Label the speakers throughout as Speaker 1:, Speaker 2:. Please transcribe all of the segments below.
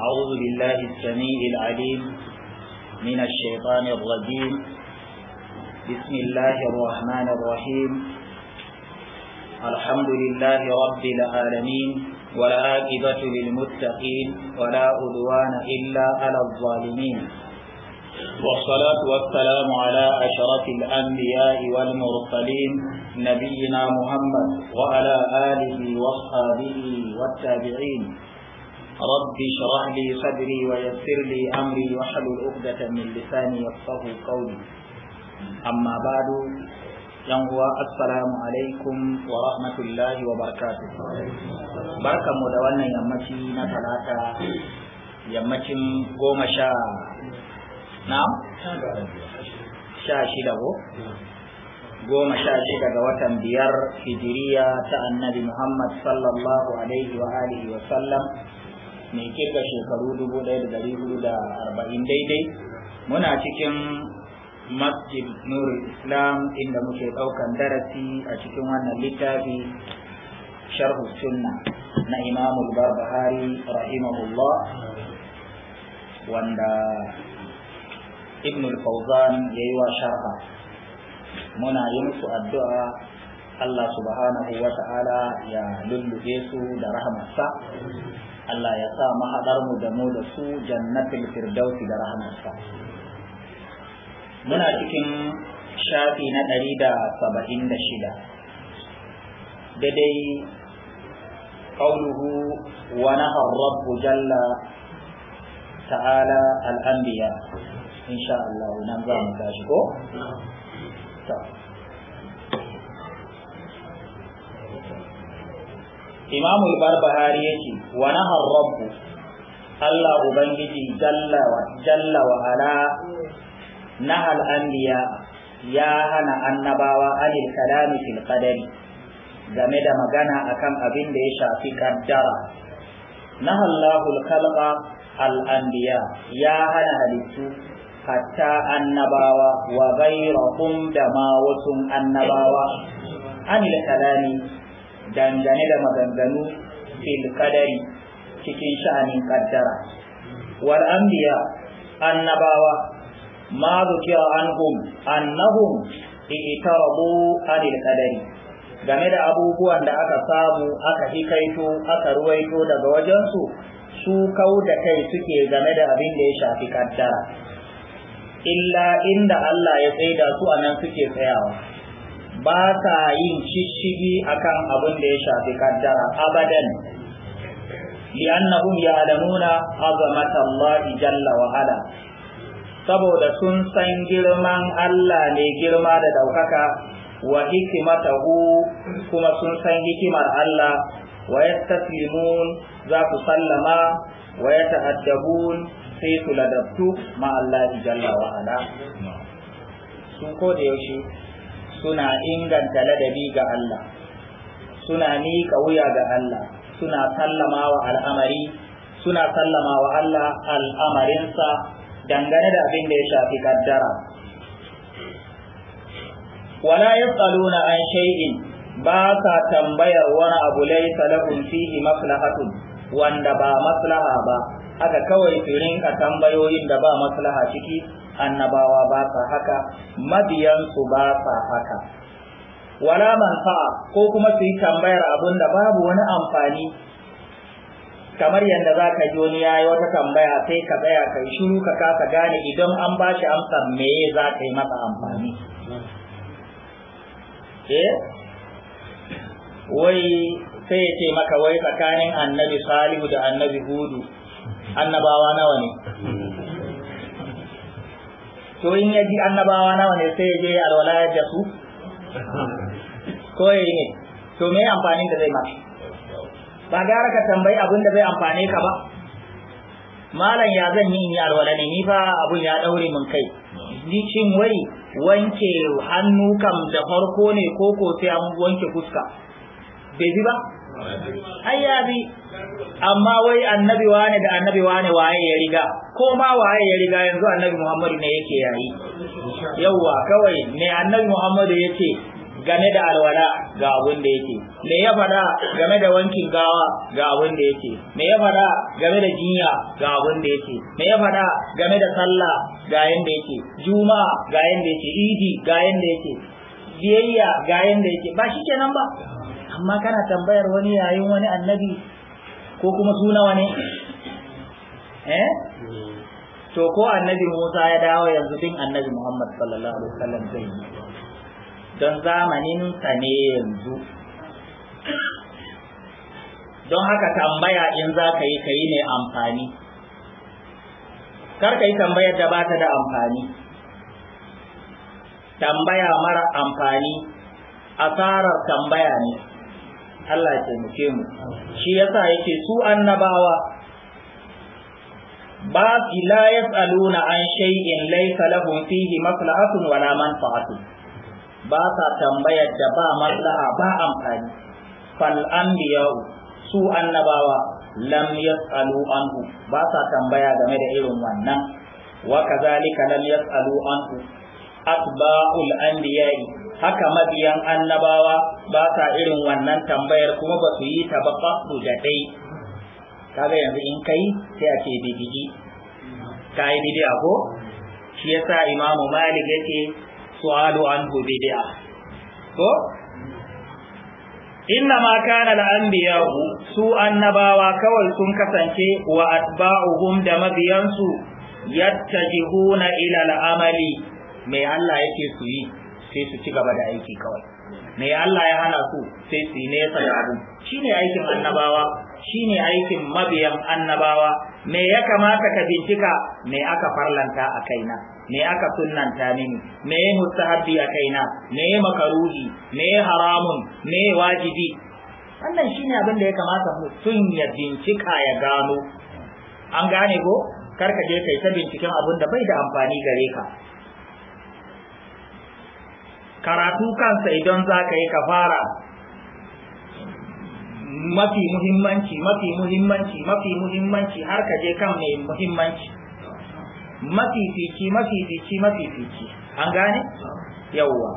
Speaker 1: أعوذ بالله السميع العليم من الشيطان الرجيم بسم الله الرحمن الرحيم الحمد لله رب العالمين والعاقبة للمتقين ولا عدوان إلا على الظالمين والصلاة والسلام على أشرف الأنبياء والمرسلين نبينا محمد وعلى آله وصحبه والتابعين رب اشرح لي صدري ويسر لي امري واحلل عقدة من لساني يفقه قولي اما بعد yan uwa assalamu alaikum wa rahmatullahi wa barakatuh barkan mu da wannan yammaci na talata yammacin goma sha goma sha shida ga watan biyar hijiriya ta annabi muhammad sallallahu alaihi wa alihi wa sallam mai kirga shekaru dubu ɗaya da ɗari hudu da arba'in daidai muna cikin masjid nurul islam inda muke ɗaukan darasi a cikin wannan littafi sharhu sunna na imamul barbahari rahimahullah wanda ibn al ya yi wa sharha muna yi musu addu'a Allah subhanahu wa ta'ala ya lullube su da rahamarsa Allah ya sa mahadarmu da mu da su Jannatin firdausi da rahamarsa muna cikin shafi na ɗari da saba'in da shida daidai قوله ونهى الرب جل تعالى الأنبياء إن شاء الله ننظام تاشكو طيب imamu al-barbahari yace wa nahar rabbu Allah ubangiji jalla wa jalla ala nahal anbiya ya hana annabawa anil kalami fil qadari game da magana akan abin da ya shafi kaddara nahallahul kalba al anbiya ya hana halittu hatta annabawa wa ghayrahum da ma wasu annabawa anil kalami dangane da maganganu fil kadari cikin sha'anin kaddara wal anbiya annabawa ma zukira anhum annahum i'tarabu anil kadari game da abubuwan da aka samu aka hikaito aka ruwaito daga wajensu su kau da kai suke game da abin da ya shafi kaddara illa inda Allah ya tsaida su a nan suke tsayawa ba sa yin shishigi akan abin da ya shafi kaddara abadan li'annahum ya'lamuna azamat Allah jalla wa ala saboda sun san girman Allah ne girma da daukaka wa hikimatahu kuma sun san hikimar Allah wa yastaslimun za ku sallama wa yata'addabun sai su ladabtu ma Allah jalla wa ala su ko da yaushe suna inganta ladabi ga Allah suna miƙa wuya ga Allah suna sallamawa al'amari suna sallamawa Allah al'amarinsa dangane da abin da ya shafi kaddara wala yasaluna an shay'in ba ka tambayar wani abu laysa lahum fihi maslahatun wanda ba maslaha ba aka kawai su rinka tambayoyin da ba maslaha ciki annabawa ba sa haka mabiyansu ba sa haka wala manfa'a ko kuma su yi tambayar abun da babu wani amfani kamar yadda za ka wani ya yi wata tambaya sai ka tsaya kai shiru ka kasa gane idan an ba shi amsa me za ka yi masa amfani eh wai sai ya ce maka wai tsakanin annabi salihu da annabi hudu annabawa nawa ne to in ya ji annabawa nawa ne sai ya je ya alwala da su ko yi ne to me amfanin da zai maka ba gara ka tambayi abin da zai amfane ka ba malam ya zan yi in yi alwala ne ni fa abun ya daure mun kai cin wai wanke hannu kam da farko ne ko ko sai an wanke fuska bai bi ba ai bi amma wai annabi wane da annabi wane waye ya riga ko ma waye ya riga yanzu annabi muhammadu ne yake yayi yawwa kawai ne annabi muhammadu yake game da alwala ga abin da yake me ya faɗa game da wankin gawa ga abin da yake me ya faɗa game da jinya ga abin da yake me ya faɗa game da sallah ga yanda yake juma'a ga yanda yake idi ga yanda yake biyayya ga yanda yake ba shi kenan ba amma kana tambayar wani yayin wani annabi ko kuma suna wani eh to ko annabi Musa ya dawo yanzu din annabi Muhammad sallallahu alaihi wasallam zai yi don zamanin sa ne yanzu don haka tambaya in za ka yi ka yi mai amfani kar ka yi tambayar da ba ta da amfani tambaya mara amfani asarar tambaya ne Allah ya taimake mu shi yasa yake su annabawa ba la yas'aluna an shay'in laysa lahum fihi maslahatun wala manfa'atun ba sa tambayar da ba maslaha ba amfani fal anbiya'u su annabawa lam yas'alu anhu ba sa tambaya game da irin wannan wa kazalika lam yas'alu anhu atba'ul anbiya'i haka mabiyan annabawa ba sa irin wannan tambayar kuma ba su yi ta ba su da dai kaga yanzu in kai sai a ce bidigi ka yi bidiya ko shi sa imamu malik ya ce su'alu anhu bidiya ko inna ma kana al-anbiya'u su annabawa kawai sun kasance wa atba'uhum da mabiyansu yattajihuna ila al'amali amali mai Allah yake su yi sai su ci gaba da aiki kawai me Allah ya hana su sai su nesa da abu shine aikin annabawa shine aikin mabiyan annabawa me ya kamata ka bincika me aka farlanta a kaina me aka sunnanta mini me mustahabbi a kaina me makaruhi me haramun me wajibi wannan shine abin da ya kamata mutum ya bincika ya gano an gane ko kar ka je kai ta binciken abun da bai da amfani gare ka karatu kansa idan za ka yi ka fara mafi muhimmanci mafi muhimmanci mafi muhimmanci har ka je kan mai muhimmanci fici mafi fici an gane yawwa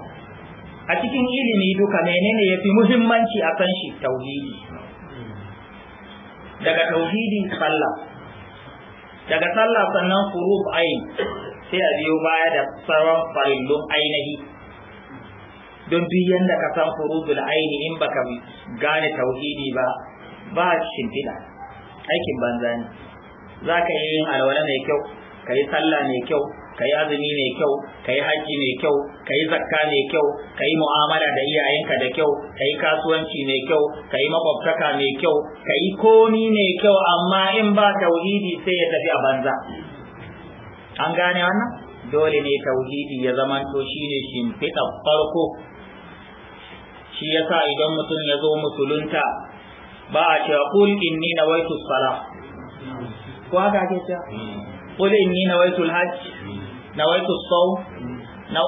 Speaker 1: a cikin ilimi duka menene yafi muhimmanci a kan shi tauhidi daga tauhidi sallah daga sallah sannan furub ayin sai a biyo baya da sauran farillun ainihi don duk yanda ka san furudul aini in baka gane tauhidi ba ba shimfiɗa aikin banza ne za ka yi yin alwala mai kyau ka yi sallah mai kyau ka yi azumi mai kyau ka yi hajji mai kyau ka yi zakka mai kyau ka yi mu'amala da iyayenka da kyau ka yi kasuwanci mai kyau ka yi makwabtaka mai kyau ka yi komi mai kyau amma in ba tauhidi sai ya tafi a banza an gane wannan dole ne tauhidi ya zamanto shine shimfiɗa farko shi yasa idan mutum ya zo musulunta ba a cewa kul inni nawaitu sala ko haka ake cewa kul inni nawaitu hajj nawaitu saw na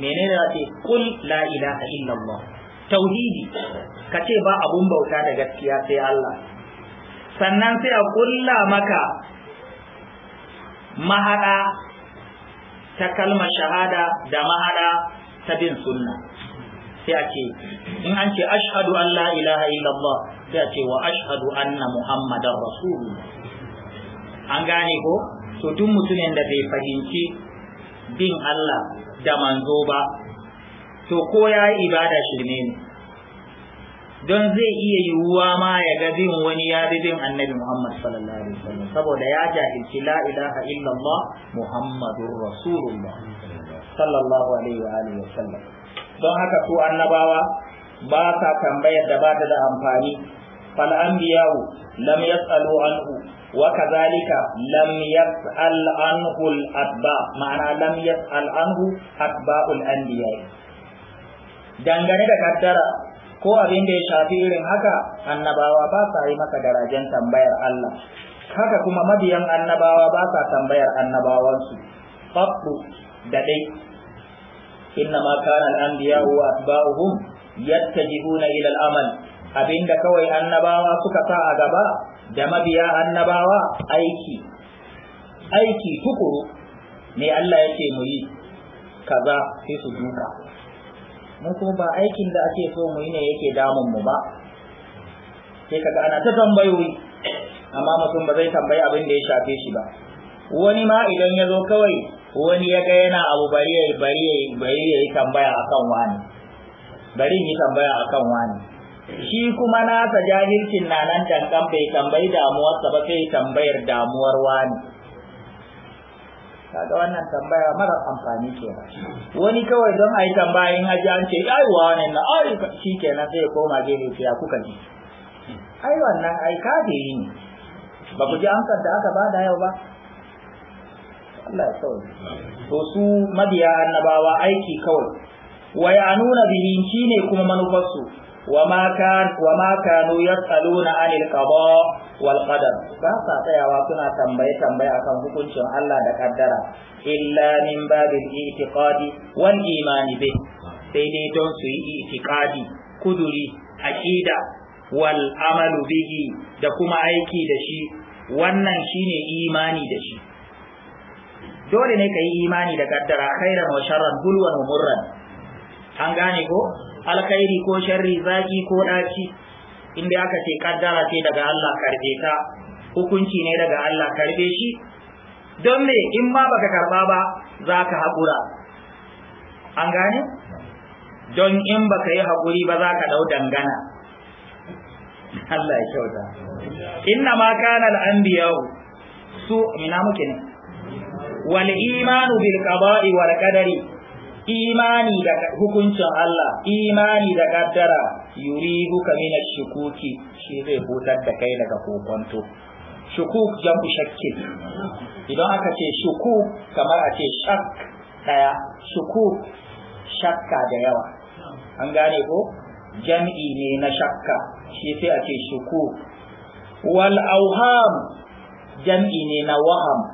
Speaker 1: menene ce kul la ilaha illallah tauhidi ka ce ba abun bauta da gaskiya sai Allah sannan sai a kulla maka mahada ta kalmar shahada da mahada ta bin sunna sai a ce in an ce ashadu an la ilaha illallah sai a ce wa ashhadu anna Muhammadan rasulu an gane ko to duk mutumin da bai fahimci bin Allah da manzo ba to ko ya yi ibada shirme ne don zai iya yiwuwa ma ya ga bin wani ya bi bin annabi Muhammad sallallahu alaihi wasallam saboda ya jahilci la ilaha illallah muhammadur rasulullah sallallahu alaihi wa alihi wasallam don haka su annabawa ba sa tambayar da ba ta da amfani fal anbiya'u lam yas'alu anhu wa kazalika, lam yas'al anhu al atba ma'ana lam yas'al anhu atba'ul anbiya dangane da kaddara ko abin da ya shafi irin haka annabawa ba sa yi maka darajan tambayar Allah haka kuma mabiyan annabawa ba sa tambayar annabawansu fatu da dai innama kana al-anbiya'u wa atba'uhum yattajihuna ila al-amal abinda kawai annabawa suka sa a gaba da mabiya annabawa aiki aiki tukuru ne Allah yake mu yi kaza sai su duka Mun kuma ba aikin da ake so mu yi ne yake damun mu ba sai kaga ana ta tambayoyi amma mutum ba zai tambayi abin da ya shafe shi ba wani ma idan ya zo kawai wani ya ga yana abu bari ya bari ya bari ya yi tambaya akan wani bari yi tambaya akan wani shi kuma nasa jahilcin na nan dangan bai tambayi damuwarsa ba sai tambayar damuwar wani kaga wannan tambaya mara amfani ke wani kawai don a yi tambaya in haji an ce ai wani na ai shi kenan sai ya koma gefe ya kuka ji ai wannan ai yi ne ba ku ji amsar da aka bada yau ba Allah ya kawai to su mabiya annabawa aiki kawai wa nuna bihi shine kuma manufarsu wa ma kan wa anil qada wal qadar ba sa tsayawa suna tambaye tambaye akan hukuncin Allah da kaddara illa min babil i'tiqadi wal imani bih sai dai don su yi i'tiqadi kuduri aqida wal amalu bihi da kuma aiki da shi wannan shine imani da shi dole ne ka yi imani da kaddara khairan wa sharran bulwan wa murran an gane ko alkhairi ko sharri zaki ko daci inda aka ce kaddara ce daga Allah karbe ta hukunci ne daga Allah karbe shi don me in ma baka karba ba za ka haƙura an gane don in baka yi haƙuri ba za ka dau dangana Allah ya kyauta inna ma kana al-anbiya'u su ina muke ne wal imanu bil qada'i imani da hukuncin Allah imani da kaddara yuriduka min ash-shukuki shi zai hutar da kai daga kokonto shukuk jam'u shakkin idan aka ce shukuk kamar a ce shak daya shukuk shakka da yawa an gane ko jam'i ne na shakka shi sai a ce shukuk wal auham jam'i ne na waham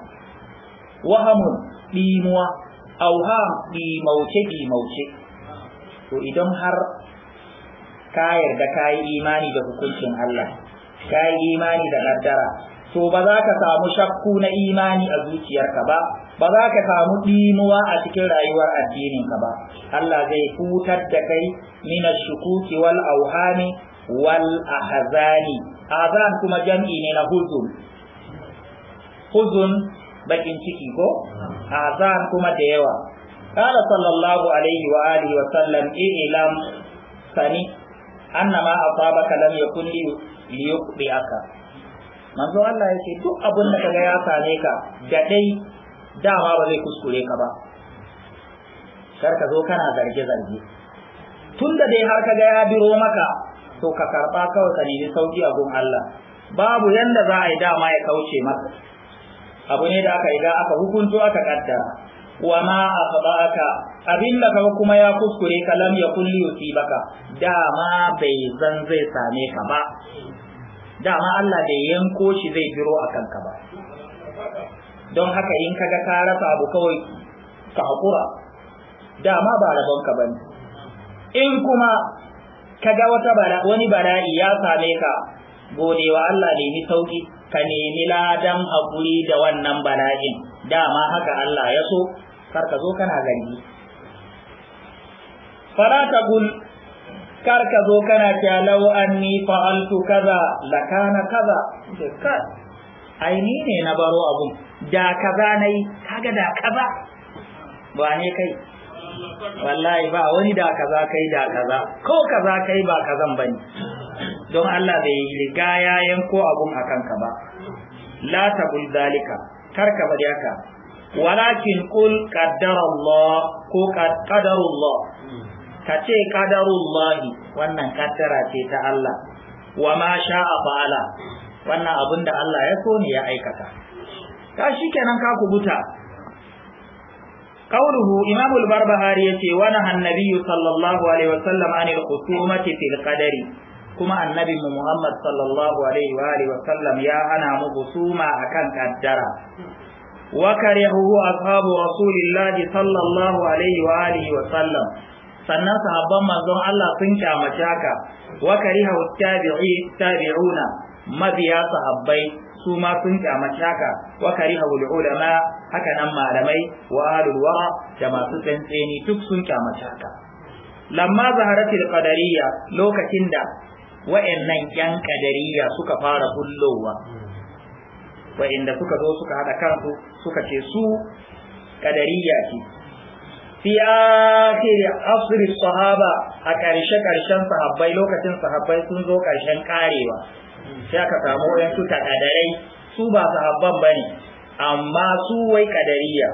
Speaker 1: wahamun ɗimuwa auham ɗimauce ɗimauce to idan har ka yarda ka yi imani da hukuncin Allah ka yi imani da kaddara to ba za ka samu shakku na imani a zuciyarka ba ba za ka samu ɗimuwa a cikin rayuwar addininka ba Allah zai hutar da kai min shukuki wal auhami wal ahzani azan kuma jam'i ne na huzun huzun bakin ciki ko zan kuma da yawa qala sallallahu alaihi wa alihi wa sallam ilam sani annama asabaka lam yakun li aka. manzo Allah yake duk abin da kaga ya same ka da dai dama ba zai kuskure ka ba kar ka zo kana zarge zarge tunda dai har kaga ya biro maka to ka karba kawai ka nemi sauki a gun Allah babu yanda za a yi dama ya kauce maka abu ne da aka riga aka hukunto aka kaddara wa ma akhba'aka abin da ka kuma ya kuskure ka lam kulli li yusibaka dama bai zan zai same ka ba dama Allah bai yanko shi zai biro akan ka ba don haka in kaga ka rasa abu kawai ka hakura dama ba rabon ka bane in kuma kaga wata wani bala'i ya same ka gode wa Allah ne ni sauki ka nemi ladan haƙuri da wannan bala'in dama haka Allah ya so kar ka zo kana gani fara ta gul kar ka zo kana cewa lau anni fa'altu kaza lakana kaza ai ni ne na baro abun da kaza nai kaga da kaza ba ne kai wallahi ba wani da kaza kai da kaza ko kaza kai ba kazan bane don Allah bai riga ya yanko abun a kanka ba la tabul zalika kar ka bari haka walakin qul qaddarallah ko qaddarullah ka ce qaddarullahi wannan kaddara ce ta Allah wa ma sha'a fa'ala wannan abin da Allah ya so ne ya aikata ka kenan ka kubuta قوله إمام البربهاري يتي ونهى النبي صلى الله عليه وسلم عن الخصومة في kuma annabinmu Muhammad sallallahu alaihi wa alihi wa sallam ya hana mu husuma akan kaddara wa karihuhu ashabu rasulillah sallallahu alaihi wa alihi wa sallam sannan sahabban manzon Allah sun kyamace haka wa karihu tabi'i tabi'una mabiya sahabbai su ma sun kyamaci haka wa kariha ulama haka nan malamai wa ahlul wara da masu tsantseni duk sun kyamaci haka lamma zaharat qadariyya lokacin da wa'annan yan kadariya suka fara bullowa wa'inda suka zo suka hada kansu suka ce su kadariya ce fi akhir asr sahaba a karshe karshen sahabbai lokacin sahabbai sun zo karshen karewa sai aka samu su kadarai su ba sahabban bane amma su wai kadariya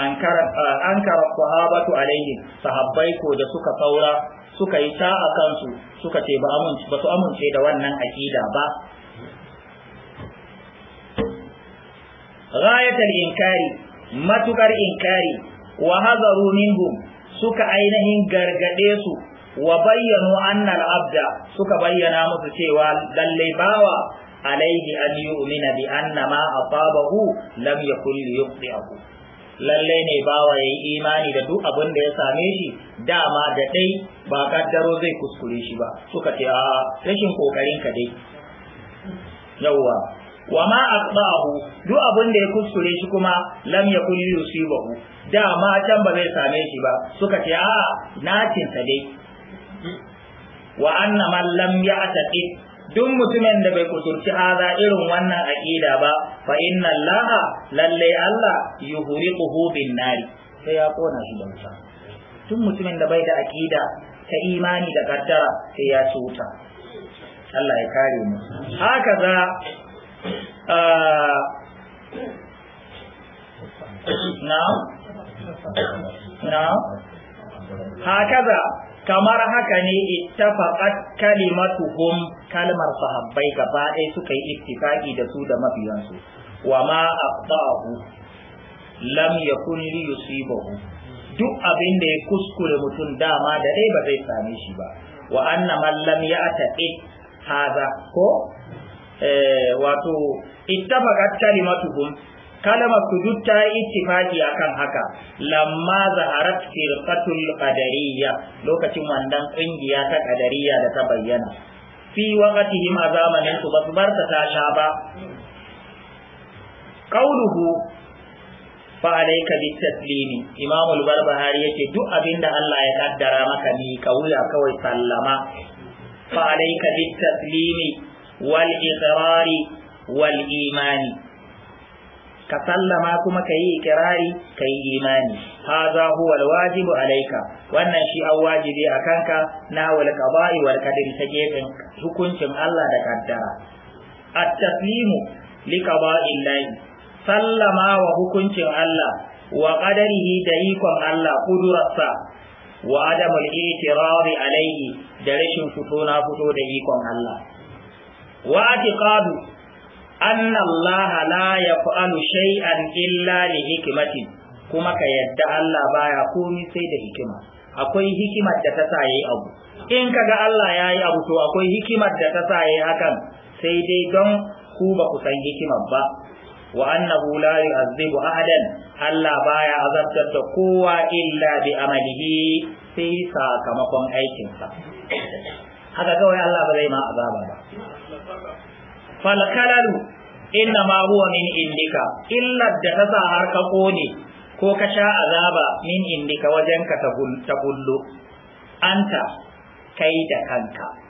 Speaker 1: an kara sahabatu alaihi sahabbai ko da suka saura suka yi ta a kansu suka ce ba su amince da wannan aƙida ba rayatar inkari matukar inkari wa hazaru suka ainihin gargade su wa bayyano annar abda suka bayyana musu cewa lallai bawa alaihi an umina bi anna ma asabahu lam yakun aku. Lallai ne bawa ya yi imani da duk abin da ya same shi dama da dai ba kaddaro zai kuskure shi ba suka ce a rashin kokarin ka dai yawwa wa ma asbahu duk abin da ya kuskure shi kuma lam yakun yusibahu dama can ba zai same shi ba suka ce a nacin sa dai wa anna man lam ya'taqi duk mutumin da bai kusurci haza irin wannan aqida ba fa inna allaha lalle allah yuhriquhu bin nari sai ya kona shi da wuta tun mutumin da bai da aƙida ta imani da kaddara sai ya cuta. Allah ya kare mu haka za na na haka za kamar haka ne ittafaqat kalimatuhum kalmar sahabbai gaba ɗaya suka yi ittifaqi da su da mabiyansu wa ma aqtahu lam yakun li yusibahu duk abin da ya kuskure mutum dama da dai ba zai same shi ba wa anna man lam ya'taqi hadha ko eh wato ittafaqat kalimatuhum kalama su ta yi ittifaqi akan haka lamma zaharat firqatul qadariyya lokacin wannan kungiya ta qadariyya da ta bayyana fi waqtihim azamanin zamanin su basu barta ta sha ba qauluhu fa alayka taslimi, imam al-barbahari yace duk abinda Allah ya kaddara maka ni kauya kawai sallama fa alayka taslimi, wal iqrari wal imani ka sallama kuma ka yi ikirari ka yi imani haza huwa alwajibu alaika wannan shi an wajibi a kanka na wal qada'i wal qadari ta gefen hukuncin Allah da kaddara at-taslimu li qada'illahi sallama wa hukuncin Allah wa qadarihi da ikon Allah ƙudurarsa wa adamul itirari alaihi da rashin fito na fito da ikon Allah wa atiqadu anna Allah la yaf'alu shay'an illa li hikmati kuma ka yadda Allah baya komai sai da hikima akwai hikimar da ta sa yayi abu in kaga Allah yayi abu to akwai hikimar da ta sa hakan sai dai don ku ba ku san hikimar ba wa annahu la yu'adhibu ahadan Allah baya azabtar da kowa illa bi amalihi sai sakamakon aikinsa haka kawai Allah ba zai ma azaba ba fal kalalu inna ma huwa min indika illa da ta sa har ka kone ko ka sha azaba min indika wajen ka ta kullu anta kai da kanka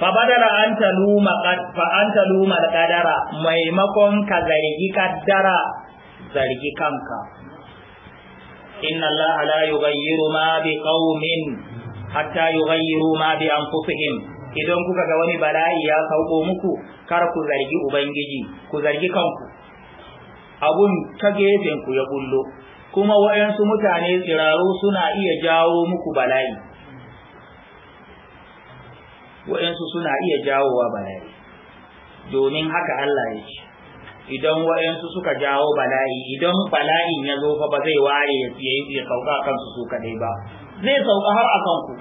Speaker 1: fa badala an taluma fa an maimakon ka zargi kaddara zargi kanka inna Allah la yughayyiru ma bi qaumin hatta yughayyiru ma bi anfusihim idan kuka ga wani bala'i ya sauko muku kar ku zargi ubangiji ku zargi kanku abun ta gefen ku ya bullo kuma waɗansu mutane tsiraro suna iya jawo muku bala'i wa'yansu suna iya jawowa bala'i domin haka Allah ya ce idan wa'yansu suka jawo bala'i idan bala'in ya zo fa ba zai ware ya ya sauka kansu su dai ba zai sauka har a kanku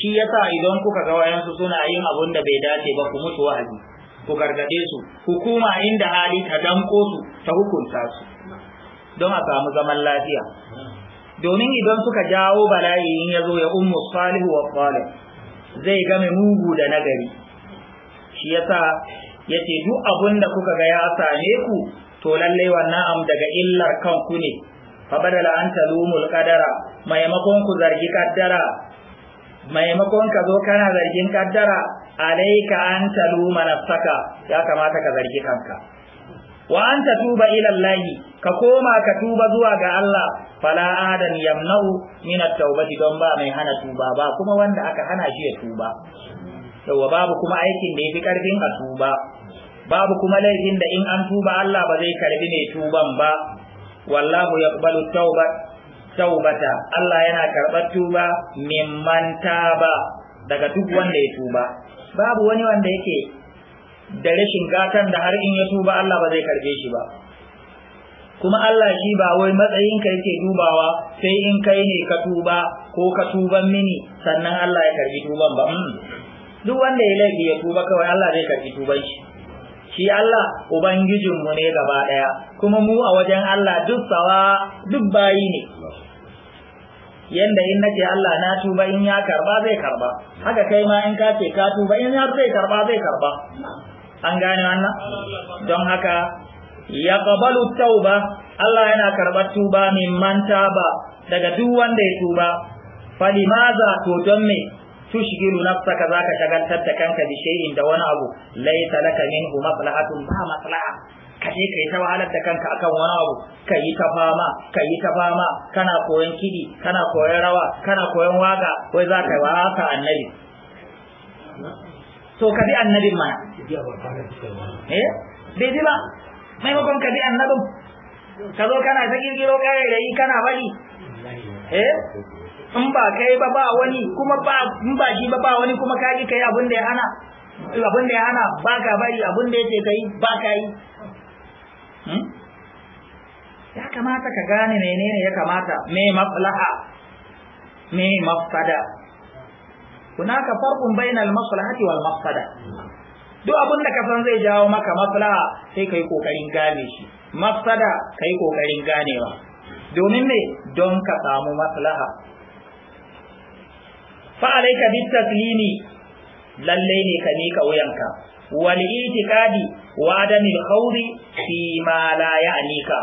Speaker 1: shi yasa idan kuka ga wa'yansu suna yin abun da bai dace ba ku mutu wa'azi ku gargade su hukuma inda hali ta danko su ta hukunta su don a samu zaman lafiya domin idan suka jawo bala'i in ya zo ya ummu salihu wa salih zai mai mugu da nagari shi yasa yace duk abun da kuka ga ya same ku to lalle wannan am daga illar kanku ne fa badala an talumul qadara maimakon ku zargi kaddara maimakon ka zo kana zargin ƙaddara? alaika an taluma nafsaka ya kamata ka zargi kanka wa an tuba ila ka koma ka tuba zuwa ga Allah fala adan yamna'u min at-taubati don ba mai hana tuba ba kuma wanda aka hana shi ya tuba yawa babu kuma aikin da yafi karfin a tuba babu kuma laifin da in an tuba Allah ba zai karbi mai tuban ba wallahu yaqbalu tauba taubata Allah yana karɓar tuba mimman taba daga duk wanda ya tuba babu wani wanda yake da rashin gatan da har in ya tuba Allah ba zai karbe shi ba kuma Allah shi ba wai matsayin ka yake dubawa sai in kai ne ka tuba ko ka tuban mini sannan Allah ya karbi tuban ba mm. duk wanda ya laifi ya tuba kawai Allah zai karbi tuban shi shi Allah ubangijinmu ne gaba daya kuma mu a wajen Allah duk sawa duk bayi ne yanda in nace Allah na tuba in ya karba zai karba haka kai ma in ka ce ka tuba in ya zai karba zai karba an gane wannan don haka ya qabalu tauba Allah yana karɓar tuba manta ba. daga duk wanda ya tuba maza to don me su tushgilu nafsaka zaka shagaltar da kanka bi shay'in da wani abu laysa laka minhu maslahatun ba maslaha ka je kai ta wahalar da kanka akan wani abu ka yi ta fama ka ta fama kana koyon kidi kana koyon rawa kana koyon waka wai za ka yi haka annabi to kabi bi annabin mana eh bai ji ba maimakon ka kabi annabin ka zo kana ta kirkiro ƙarairayi kana bari eh in ba kai ba ba wani kuma ba in ba shi ba ba wani kuma ka ki kai abin da ya hana abin da ya hana ba ka bari abin da yake kai ba ka yi hmm? ya kamata ka gane menene ya kamata me maslaha me mafsada hunaka farqun bainal maslahati wal duk abin da ka san zai jawo maka maslaha sai yi ƙoƙarin gane shi mafsada kai ƙoƙarin ganewa domin me don ka samu maslaha fa ka bit taslimi lalle ne ka mika wuyanka wal itikadi wa adamil hauri, fi ma la anika.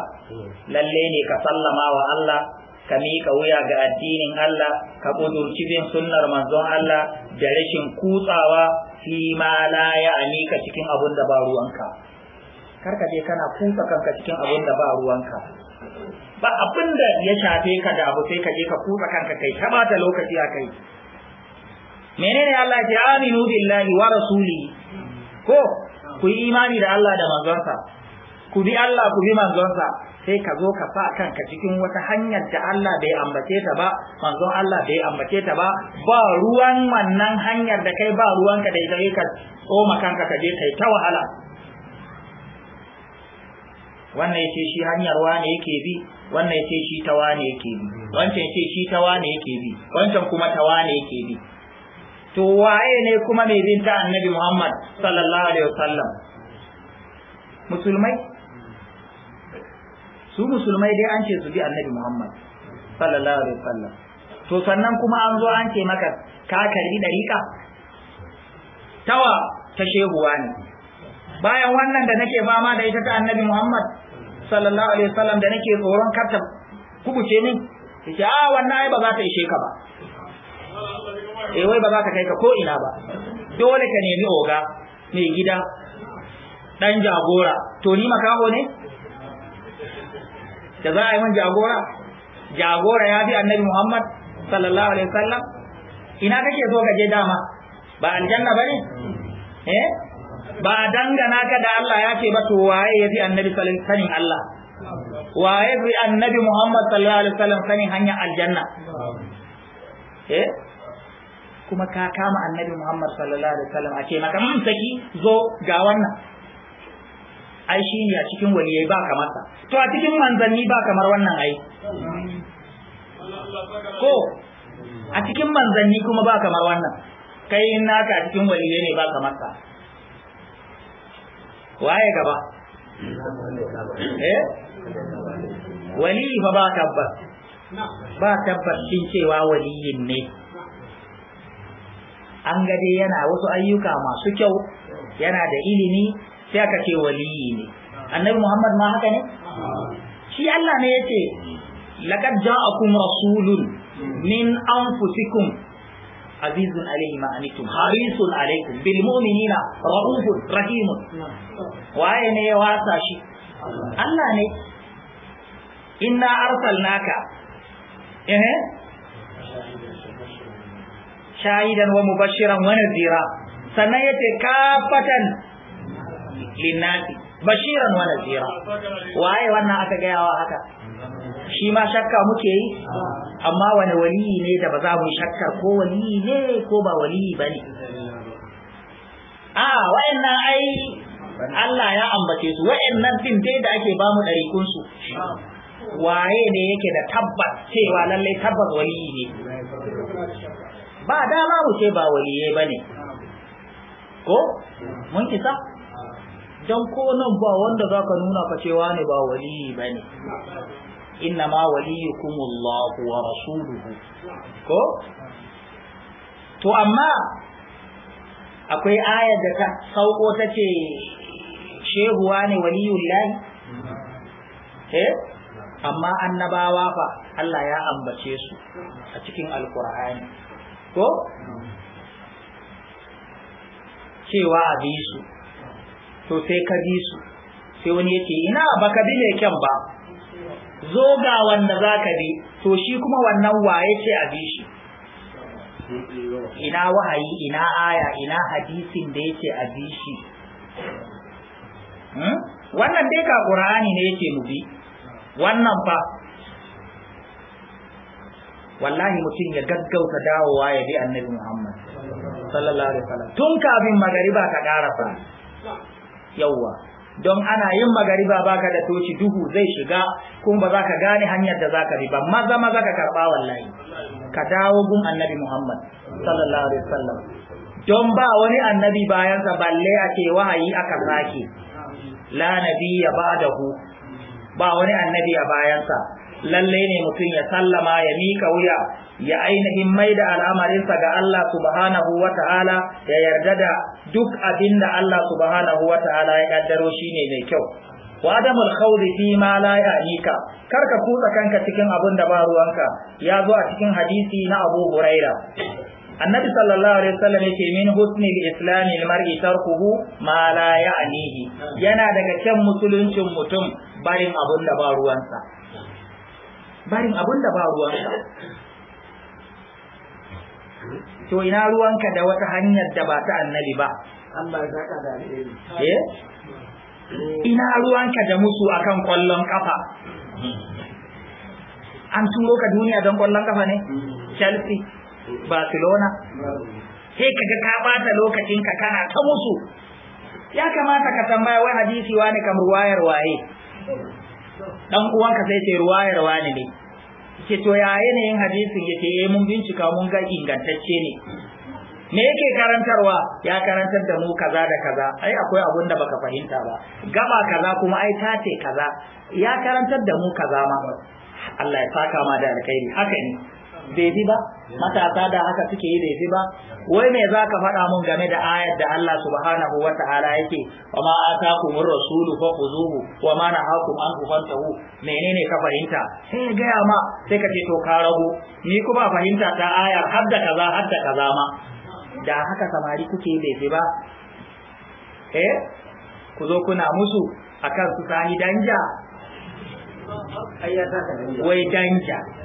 Speaker 1: lalle ne ka sallama wa Allah ka miƙa wuya ga addinin Allah ka ƙudurci bin sunnar manzon Allah da rashin kutsawa fi ma la ya amika cikin abun da ba ruwanka kar ka je kana kutsa kanka cikin abun da ba ruwanka ba abin da ya shafe ka da abu sai ka je ka kutsa kanka kai ta bata lokaci a kai menene Allah ya aminu billahi wa rasuli ko ku yi imani da Allah da manzonsa ku bi Allah ku bi manzonsa sai ka zo ka sa kanka cikin wata hanyar da Allah bai ambace ta ba manzon Allah bai ambace ta ba ba ruwan wannan hanyar da kai ba ruwanka da ita ka tsoma kanka ka je kai ta wahala wannan yace shi hanyar wane yake bi wannan yace shi ta wane yake bi wancan yace shi ta wane yake bi wancan kuma ta wane yake bi to waye ne kuma mai bin ta annabi Muhammad sallallahu alaihi wasallam musulmai su musulmai dai an ce su bi annabi Muhammad sallallahu alaihi wasallam to sannan kuma an zo an ce maka ka karbi dariqa tawa ta shehuwa ne bayan wannan da nake fama da ita ta annabi Muhammad sallallahu alaihi wasallam da nake tsoron karta kubuce min yace a ah, wannan ai ba za ta ishe ka ba eh wai ba za ka kai ka ko ina ba dole ka nemi oga mai gida dan jagora to ni makaho ne da za a yi man jagora jagora ya fi annabi muhammad sallallahu alaihi wasallam ina kake so ka je dama ba aljanna ba ne eh ba a na ka da Allah ya ce ba to waye ya fi annabi Sallallahu alaihi sanin Allah waye fi annabi muhammad sallallahu alaihi wasallam sanin hanyar aljanna eh kuma ka kama annabi muhammad sallallahu alaihi wasallam a ce maka mun hmm, saki zo ga wannan ai shi ne a cikin waliyai ba kamar to a cikin manzanni ba kamar wannan ai ko a cikin manzanni kuma ba kamar wannan kai naka a cikin waliyai ne ba kamar sa waye gaba
Speaker 2: eh wali
Speaker 1: fa ba tabbas ba tabbas din cewa waliyin ne an gade yana wasu ayyuka masu kyau yana da ilimi sai aka ce waliyi ne annabi muhammad ma haka ne shi allah ne yace laqad ja'akum rasulun min anfusikum azizun alayhi ma anitum harisun alaikum bil mu'minina raufur rahim waye ne ya wasa shi allah ne inna arsalnaka eh shahidan wa mubashiran wa nadhira sannan yace kafatan linnasi bashiran wa nazira waye wannan aka gaya wa haka shi ma shakka muke yi amma wani waliyi ne da ba za mu shakka? ko waliyi ne ko ba waliyi bane? ah a wayannan ai Allah ya ambace su wayannan din dai da ake ba mu ɗarikun su waye ne yake da tabbas cewa lallai tabbas waliyi ne ba dama mu ce ba waliye ba ne ko mun kisa don ko nan ba wanda zaka nuna ka cewa ne ba waliyi ne inna ma waliyukumullahu wa rasuluhu ko to amma akwai ayar da ta sauko ta ce shehuwa ne waliyullahi eh amma annabawa fa Allah ya ambace su a cikin alkur'ani ko cewa a bi su to sai ka bi su sai wani yake ina ba ka bi mai kyan ba zo ga wanda za ka bi to shi kuma wannan waye ce a bi shi ina wahayi ina aya ina hadisin da yake a bi shi hmm? wannan dai ka qur'ani ne yake mu bi wannan fa wallahi mutum ya gaggauta dawowa ya bi annabi muhammad sallallahu alaihi wasallam tun kafin magariba ka ƙara fa yawwa don ana yin magariba baka da toci duhu zai shiga kuma ba za ka gane hanyar da za ka bi ba maza maza ka karɓa wallahi ka dawo gun annabi muhammad sallallahu alaihi wasallam don ba wani annabi bayansa balle a ce wahayi aka sake la nabiyya ba'dahu ba wani annabi a bayansa lalle ne mutum ya sallama ya mika wuya ya ainihin mai da al'amarinsa ga Allah subhanahu wa ta'ala ya yarda da duk abin da Allah subhanahu wa ta'ala ya kaddaro shine mai kyau wa adamul khawdi fi ma la ya'nika karka kutsa kanka cikin abin da ba ruwanka ya zo a cikin hadisi na Abu Huraira annabi sallallahu alaihi wasallam yake min husni al-islam al-mar'i tarkuhu ma la ya'nihi yana daga kyan musuluncin mutum barin abun da ba ruwansa barin abin da ba ruwanka to ina ruwanka da wata hanyar da ba ta annabi ba
Speaker 3: Allah ya saka da alheri eh
Speaker 1: ina ruwanka da musu akan kwallon kafa an turo ka duniya don kwallon kafa ne Chelsea Barcelona sai kaga ka bata lokacin ka kana ta musu ya kamata ka tambaya wai hadisi wani kamar wayar waye dan uwanka sai ce ruwaya wani ne Ke to ya yanayin hadisin yake eh mun bincika mun ga ingantacce ne me yake karantarwa ya karantar da mu kaza da kaza ai akwai abun da baka fahimta ba gaba kaza kuma ai tace kaza ya karantar da mu kaza ma Allah ya saka ma da alkhairi haka ne bai ba matasa da haka suke yi bai ba wai me za ka faɗa mun game da ayar da Allah subhanahu wa ta'ala yake wa ma atakumur rasulu fa khuzuhu wa ma nahaku an tufantahu menene ka fahimta sai gaya ma sai ka ce to ka rago ni kuma fahimta ta ayar har da kaza har da kaza ma da haka samari kuke bai bi ba eh ku zo kuna musu akan su sani danja wai danja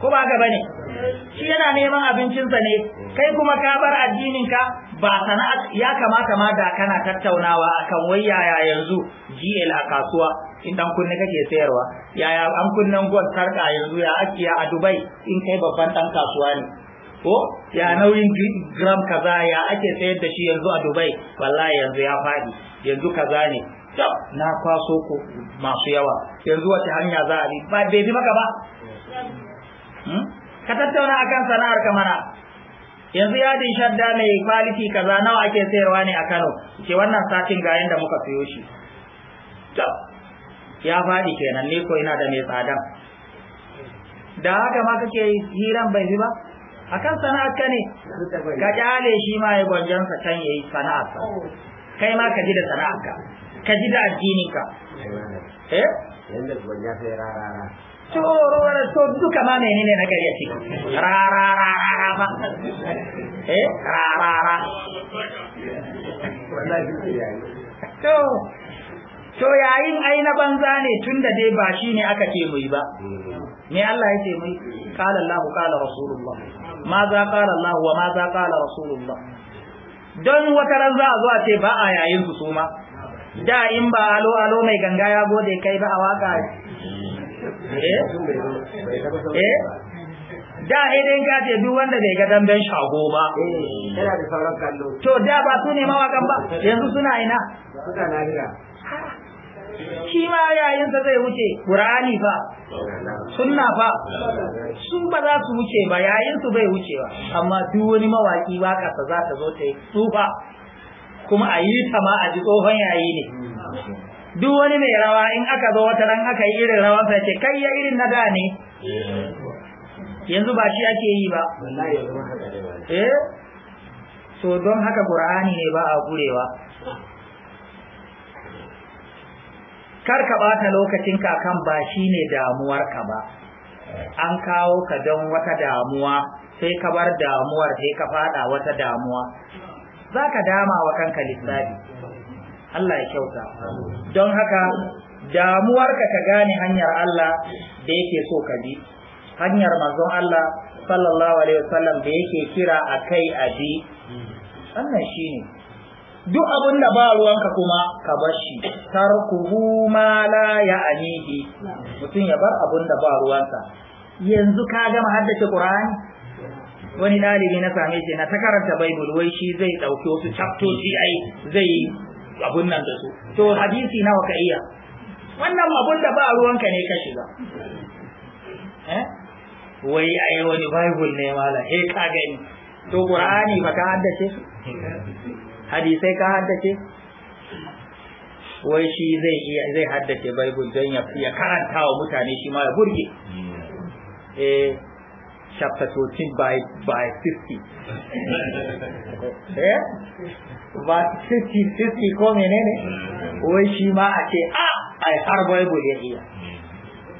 Speaker 1: ko ba gaba bane shi yana neman abincinsa ne kai kuma ka bar addininka ba sana'a ya kamata ma da kana tattaunawa akan wai yaya yanzu GL a kasuwa in dan kunne kake sayarwa yaya an kunnen gwan sarka yanzu ya akiya a Dubai in kai babban dan kasuwa ne ko ya nauyin gram kaza ya ake sayar da shi yanzu a Dubai wallahi yanzu ya faɗi yanzu kaza ne na kwaso ku masu yawa yanzu wace hanya za a bi ba bai bi maka ba Hmm? ka tattauna akan sana'ar ka mana yanzu yadin shadda mai kwaliti kaza nawa ake sayarwa ne a Kano ce wannan satin ga yanda muka siyo shi to ya faɗi kenan ne ko ina da mai tsadan da haka ma kake hiran bai ba akan sana'ar ka ne ka kyale shi ma ya gwanjon sa can yayi sana'ar ka kai ma ka ji da sana'ar ka ka ji da addinin ka
Speaker 3: eh yanda gwanja sai rara
Speaker 1: coro da to duka ma menene na gari ce ra ra ra ra ba eh ra ra ra to to yayin ai na banza ne tunda dai ba ne aka ce mu yi ba me Allah ya ce mu qala Allah qala rasulullah ma za qala Allah wa ma za qala rasulullah don wata ran za a zo a ce ba a yayin su suma da in ba alo alo mai ganga ya gode kai ba a waka
Speaker 3: Eh? Eh?
Speaker 1: eh da idan ka ce duk wanda bai ga damben shago ba eh, yana da sauran kallo to da ba su ne mawakan ba yanzu suna ina suna lahira shi ma sa zai wuce Qur'ani fa sunna fa su ba za su wuce ba yayin su bai wuce ba. amma duk wani mawaki ba ka za ta zo ta yi tsufa kuma a yi ta ma a ji tsohon yayi ne hmm. duk wani mai rawa in aka zo wata ran aka yi irin rawan sa ce kai ya irin na da ne eh. yanzu ba shi ake yi ba eh so don haka qur'ani ne ba a gurewa kar ka bata lokacin ka kan ba shine damuwar ka ba an kawo ka don wata damuwa sai ka bar damuwar sai ka fada wata damuwa zaka dama wa kanka lissafi Allah ya kyauta don haka damuwar ka gane hanyar Allah da yake so ka bi hanyar manzon Allah sallallahu alaihi wasallam da yake kira a kai a bi wannan shine duk abin da ba ruwanka kuma ka bar shi tarkuhu ma la ya'nihi mutum ya bar abin da ba ruwanka. yanzu ka gama haddace Qur'ani wani dalibi na same shi na ta karanta Bible wai shi zai dauki wasu chapter ai zai abun nan da su to hadisi nawa ka iya wannan abun da ba ruwanka ne ka shiga eh wai ai wani bible ne mala he eh, ka gani to qur'ani ba ka haddace hadisai ka haddace wai shi zai iya zai haddace bible don ya karanta wa mutane shi ma ya burge hmm. eh chapter 14 by, by 50 eh verse 50 50 ko menene wai shi ma a ce a ah, ai har boy ya iya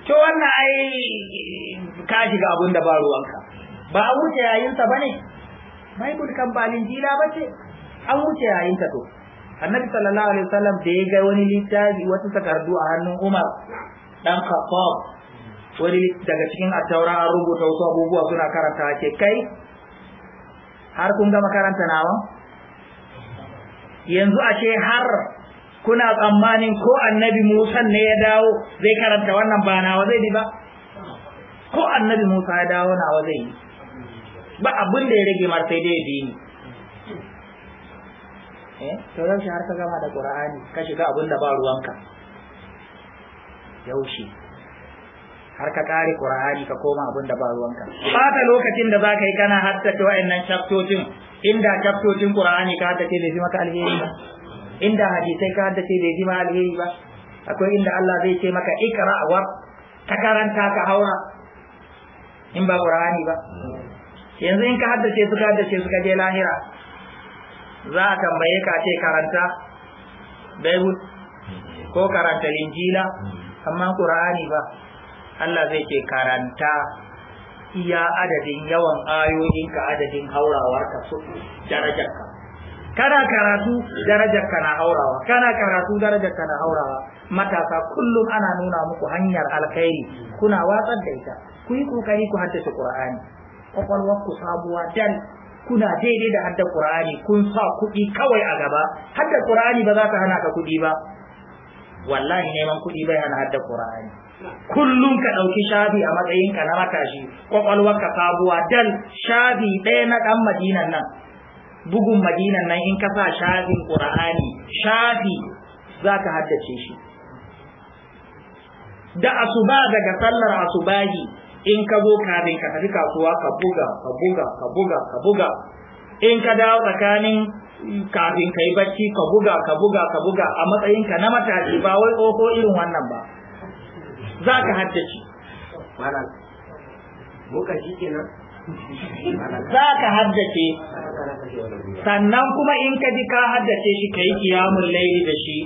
Speaker 1: to wannan ai ka shiga abun da ba ruwanka ba a wuce yayinsa ba ne bible kan balin jila ba ce an wuce yayinsa to annabi sallallahu alaihi wasallam da ya ga wani littafi wata takardu a hannun umar dan khattab wani daga cikin attaura an rubuta wasu abubuwa suna karanta ake kai har kun gama karanta nawa yanzu ashe har kuna tsammanin ko annabi musa ne ya dawo zai karanta wannan ba nawa zai yi ba ko annabi musa ya dawo nawa zai yi ba abin da ya rage martai da ya bi ni eh, to yaushe har ka gama da ƙura'ani ka shiga abin da ba ruwanka yaushe har ka kare qur'ani ka koma abin da ba ruwanka fata lokacin da zaka yi kana haddace wa'annan chaptocin inda chaptocin qur'ani ka haddace bai fi maka alheri ba inda hadisi ka haddace bai ji maka alheri ba akwai inda Allah zai ce maka ikra wa ka karanta ka haura in ba qur'ani ba yanzu in ka haddace su ka haddace su ka je lahira za a tambaye ka ce karanta bai ko karanta linjila amma qur'ani ba Allah zai ce karanta iya adadin yawan ayoyinka adadin haurawarka su darajarka kana karatu darajarka na haurawa kana karatu darajarka na haurawa matasa kullum ana nuna muku hanyar alkhairi kuna watsar da ita ku yi kokari ku haddace qur'ani ku sabuwa dan kuna daidai da hadda qur'ani kun sa kuɗi kawai a gaba hadda qur'ani ba za ta hana ka kuɗi ba wallahi neman kuɗi bai hana hadda qur'ani kullum ka ɗauki shafi a matsayinka na matashi ka sabuwa dal shafi ɗaya na ɗan madinan nan bugun madinan nan in ka sa shafin ƙur'ani, shafi za ka haddace shi da asuba daga sallar asubahi in ka zo kafin ka tafi kasuwa ka buga ka buga ka buga ka buga in ka dawo tsakanin kafin ka yi bacci ka buga ka buga ka buga a matsayinka na matashi ba wai oho irin wannan ba za ka haddace shi kenan za ka haddace sannan kuma in ka ji ka haddace shi ka yi kiyamun laili da shi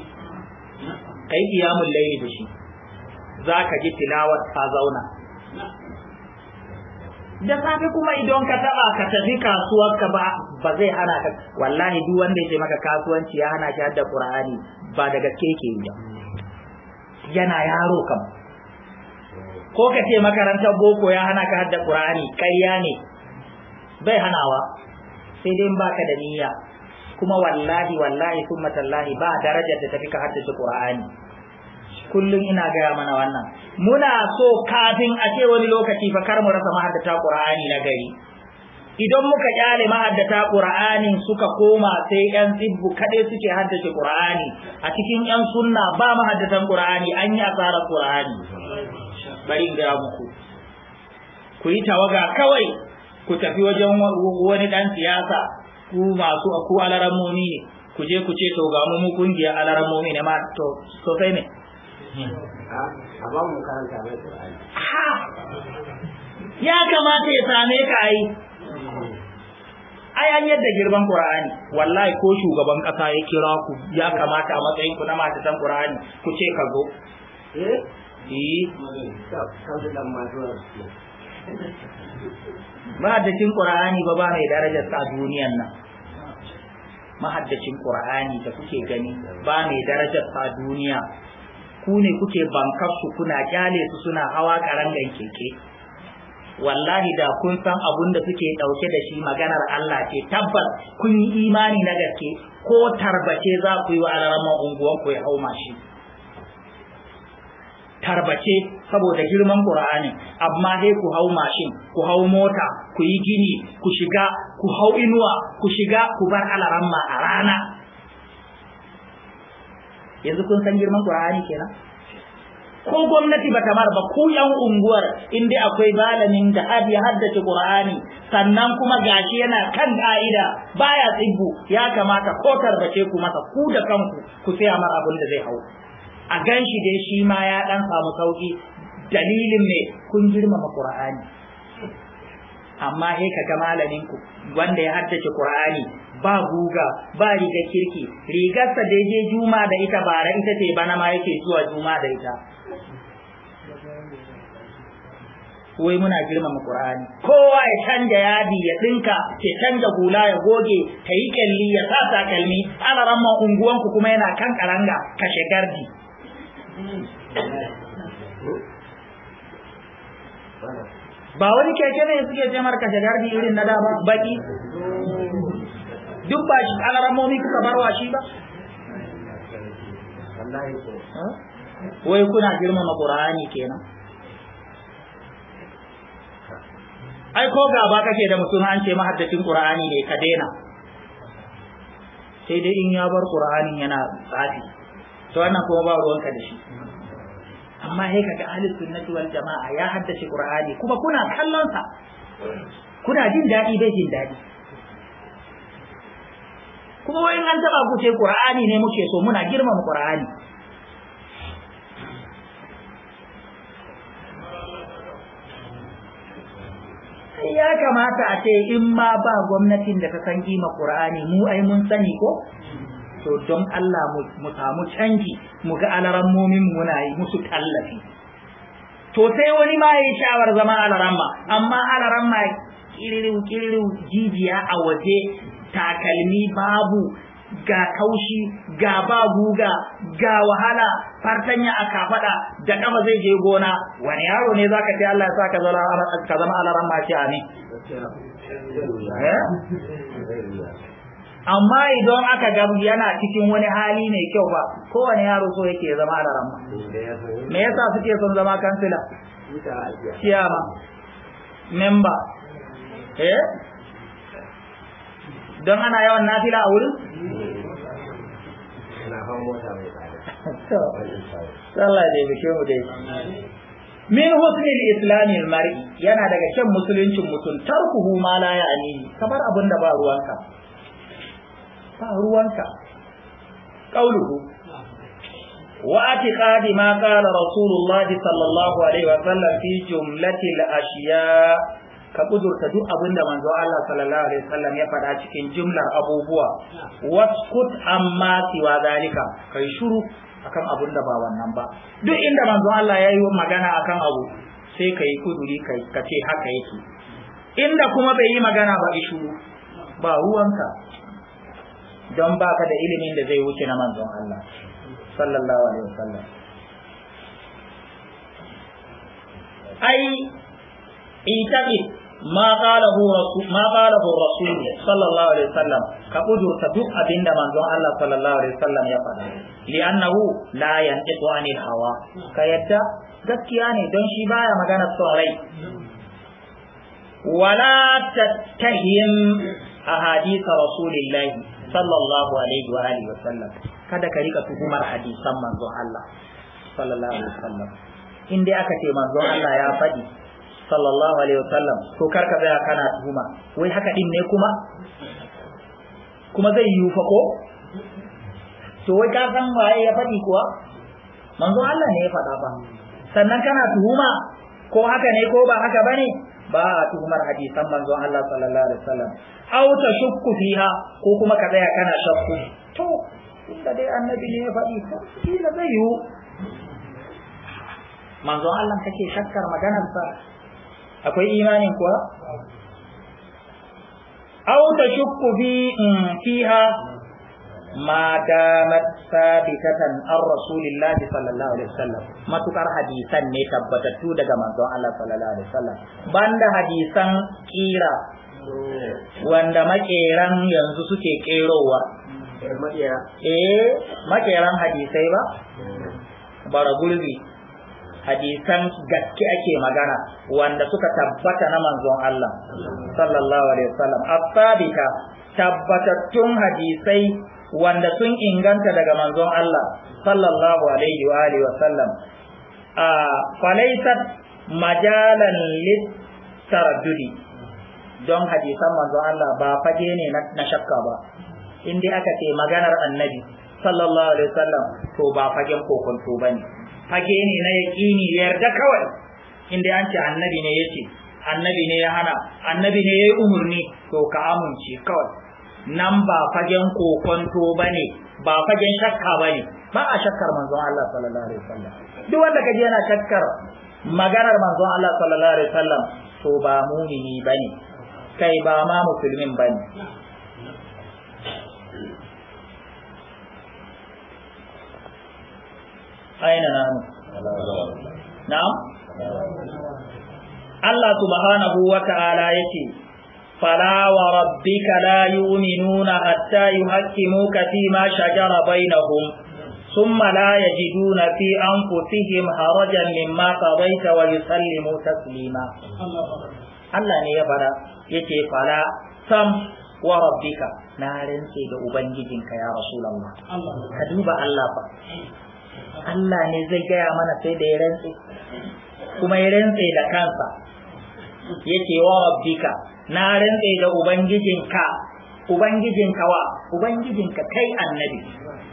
Speaker 1: ka yi kiyamun laili da shi za ka ji tilawar ta zauna da safe kuma idan ka taba ka tafi kasuwar ka ba ba zai hana ka wallahi duk wanda ya maka kasuwanci ya hana shi hadda qur'ani ba daga keke yana yaro kam ko ka ce makarantar boko ya hana ka hadda qur'ani ƙarya ne bai hanawa sai dai ba ka da niyya kuma wallahi wallahi kuma tallahi ba darajar da tafi ka haddace qur'ani kullum ina gaya mana wannan muna so kafin a ce wani lokaci fa kar mu rasa mahaddata qur'ani na gari idan muka kyale mahaddata kur'ani suka koma sai yan tsibbu kaɗai suke haddace kur'ani a cikin yan sunna ba mahaddatan kur'ani an yi asarar ƙur'ani bari in muku ku yi tawaga kawai ku tafi wajen wani dan siyasa ku masu ku alaramomi ne ku je ku ce to ga mu kungiya alaramomi ne ma to sosai ne
Speaker 2: a
Speaker 3: ba mu karanta mai
Speaker 1: ya kamata ya same ka ai ai an yadda girban Qur'ani wallahi ko shugaban kasa ya kira ku ya kamata a matsayin ku na matasan Qur'ani ku ce ka zo eh? Eh, mahaddacin qur'ani ba ba mai darajar sa duniyan nan mahaddacin ƙura'ani da kuke gani ba mai darajar sa duniya ku ne kuke bankarsu kuna kyale su suna hawa karangan keke wallahi da kun san abun da suke ɗauke da shi maganar Allah ce tabbas kun yi imani na gaske ko tarbace za ku yi wa alaramman unguwanku ku ya hau mashi tarbace saboda girman Qur'ani amma sai ku hau mashin ku hau mota ku yi gini ku shiga ku hau inuwa ku shiga ku bar alaramma a rana yanzu kun san girman Qur'ani kenan ko gwamnati bata mar ba ku yan unguwar in dai akwai malamin da hadi haddace Qur'ani sannan kuma gashi yana kan ka'ida baya tsibbu ya kamata ko tarbace ku masa ku da kanku ku saya mar abun da zai hau a gan shi dai shi ma ya ɗan samu sauki dalilin ne kun girmama Qur'ani amma he ka ga malaminku wanda ya haddace Qur'ani ba guga ba riga kirki rigarsa da je juma da ita bara ita ce bana ma yake zuwa juma da ita wai muna girmama Qur'ani kowa ya canja yadi ya dinka ya canja hula ya goge ta yi kyalli ya sa takalmi alaran ma unguwanku kuma yana kan karanga kashe gardi ba wani keke ne suke ce marka gardi irin na da baki duk ba shi alaramomi kuka barwa shi ba wai kuna girmama ƙura'ani kenan ai ko ga ba kake da mutum an ce mahaddacin kur'ani ne ka daina sai dai in ya bar ƙura'anin yana tsafi to wannan kuma ba ruwanka da shi amma sai kaga ahlus sunnati wal jama'a ya haddace qur'ani kuma kuna kallon sa kuna jin dadi bai jin dadi kuma wai an taba ku sai qur'ani ne muke so muna girmama qur'ani ya kamata a ce in ma ba gwamnatin da ta san kima qur'ani mu ai mun sani ko to don Allah mu samu canji mu ga mu muna yi musu tallafi to sai wani ma ya shawar zama ma amma ma kiririn kiririn jijiya a waje takalmi babu ga kaushi ga ba guga ga wahala fartanya a kafada da kafa zai je gona wani yaro ne zaka ce Allah ya saka zama ma shi amin amma idan aka ga yana cikin wani hali mai kyau ba kowane yaro so yake zama da ramma me yasa suke son zama kansila ciyama memba eh don ana yawan nafila a wurin Allah ne bishe mu dai min husnil islami mari yana daga kyan musuluncin mutum tarkuhu ma la ya'ani kamar abin da ba ruwanka ba ruwanka qauluhu wa atiqadi ma qala rasulullah sallallahu alaihi wa sallam fi jumlatil ashiya ka ƙudurta duk abinda manzo Allah sallallahu alaihi sallam ya faɗa cikin jumlar abubuwa waskut amma siwa zalika kai shuru akan abinda ba wannan ba duk inda manzo Allah ya yi magana akan abu sai ka yi kuduri ka ce haka yake inda kuma bai yi magana ba ishuru ba ruwanka don ba ka da ilimin da zai wuce na manzon Allah sallallahu alaihi wasallam ai itaqi ma qalahu rasul ma qalahu rasul sallallahu alaihi wasallam ka kudurta duk abinda manzon Allah sallallahu alaihi wasallam ya faɗa li'annahu la yantiqu anil hawa ka yadda gaskiya ne don shi baya magana son rai wala tattahim ahadith rasulillahi sallallahu alaihi wa alihi wa sallam kada ka rika tuhumar hadisan manzon Allah sallallahu alaihi wa sallam in dai aka ce manzon Allah ya faɗi sallallahu alaihi wa sallam to kar ka tsaya kana tuhuma wai haka din ne kuma kuma zai yiwu fa ko to wai ka san waye ya faɗi kuwa manzon Allah ne ya faɗa ba sannan kana tuhuma ko haka ne ko ba haka bane ba a tuhumar hadisan manzon Allah sallallahu alaihi wasallam aw ta shukku fiha ko kuma ka tsaya kana shakku to inda dai annabi ne ya faɗi ko kila zai yiwu manzon Allah kake shakkar maganarsa akwai imanin kuwa aw ta shukku fi mm, fiha ma damat sabitatan an rasulillah sallallahu alaihi wasallam matukar hadisan ne tabbatattu daga manzon Allah sallallahu alaihi wasallam banda hadisan kira wanda makeran yanzu suke kerowa eh makeran hadisai ba bara gurbi hadisan gaske ake magana wanda suka tabbata na manzon Allah sallallahu alaihi wasallam asabita tabbatattun hadisai wanda sun inganta daga manzon Allah sallallahu alaihi wa alihi wa sallam a falaisat majalan litaraddudi don hadisan manzon Allah ba fage ne na shakka ba in aka ce maganar annabi sallallahu alaihi wa sallam to ba fagen kokonto bane fage ne na yaqini yarda kawai inda an ce annabi ne yace annabi ne ya hana annabi ne ya yi umarni to ka amince kawai nan ba fagen kokonto ba ne ba fagen shakka ba ne ba a shakkar manzon Allah sallallahu alaihi wasallam duk wanda kaje yana shakkar maganar manzon Allah sallallahu alaihi wasallam to ba mumini ba ne kai ba ma musulmin ba ne aina nanu na Allah subhanahu wa ta'ala yake فلا وربك لا يؤمنون حتى يحكموك فيما شجر بينهم ثم لا يجدون في أنفسهم حرجا مما قضيت ويسلموا تسليما Allah ne ya fara yake fala sam wa rabbika na rantse da ubangijinka ya rasulullah ka duba Allah fa Allah ne zai gaya mana sai da ya rantsi kuma ya rantsi da kansa Yake wa rabbika na rantsa da ubangijinka ubangijinka wa ubangijinka kai annabi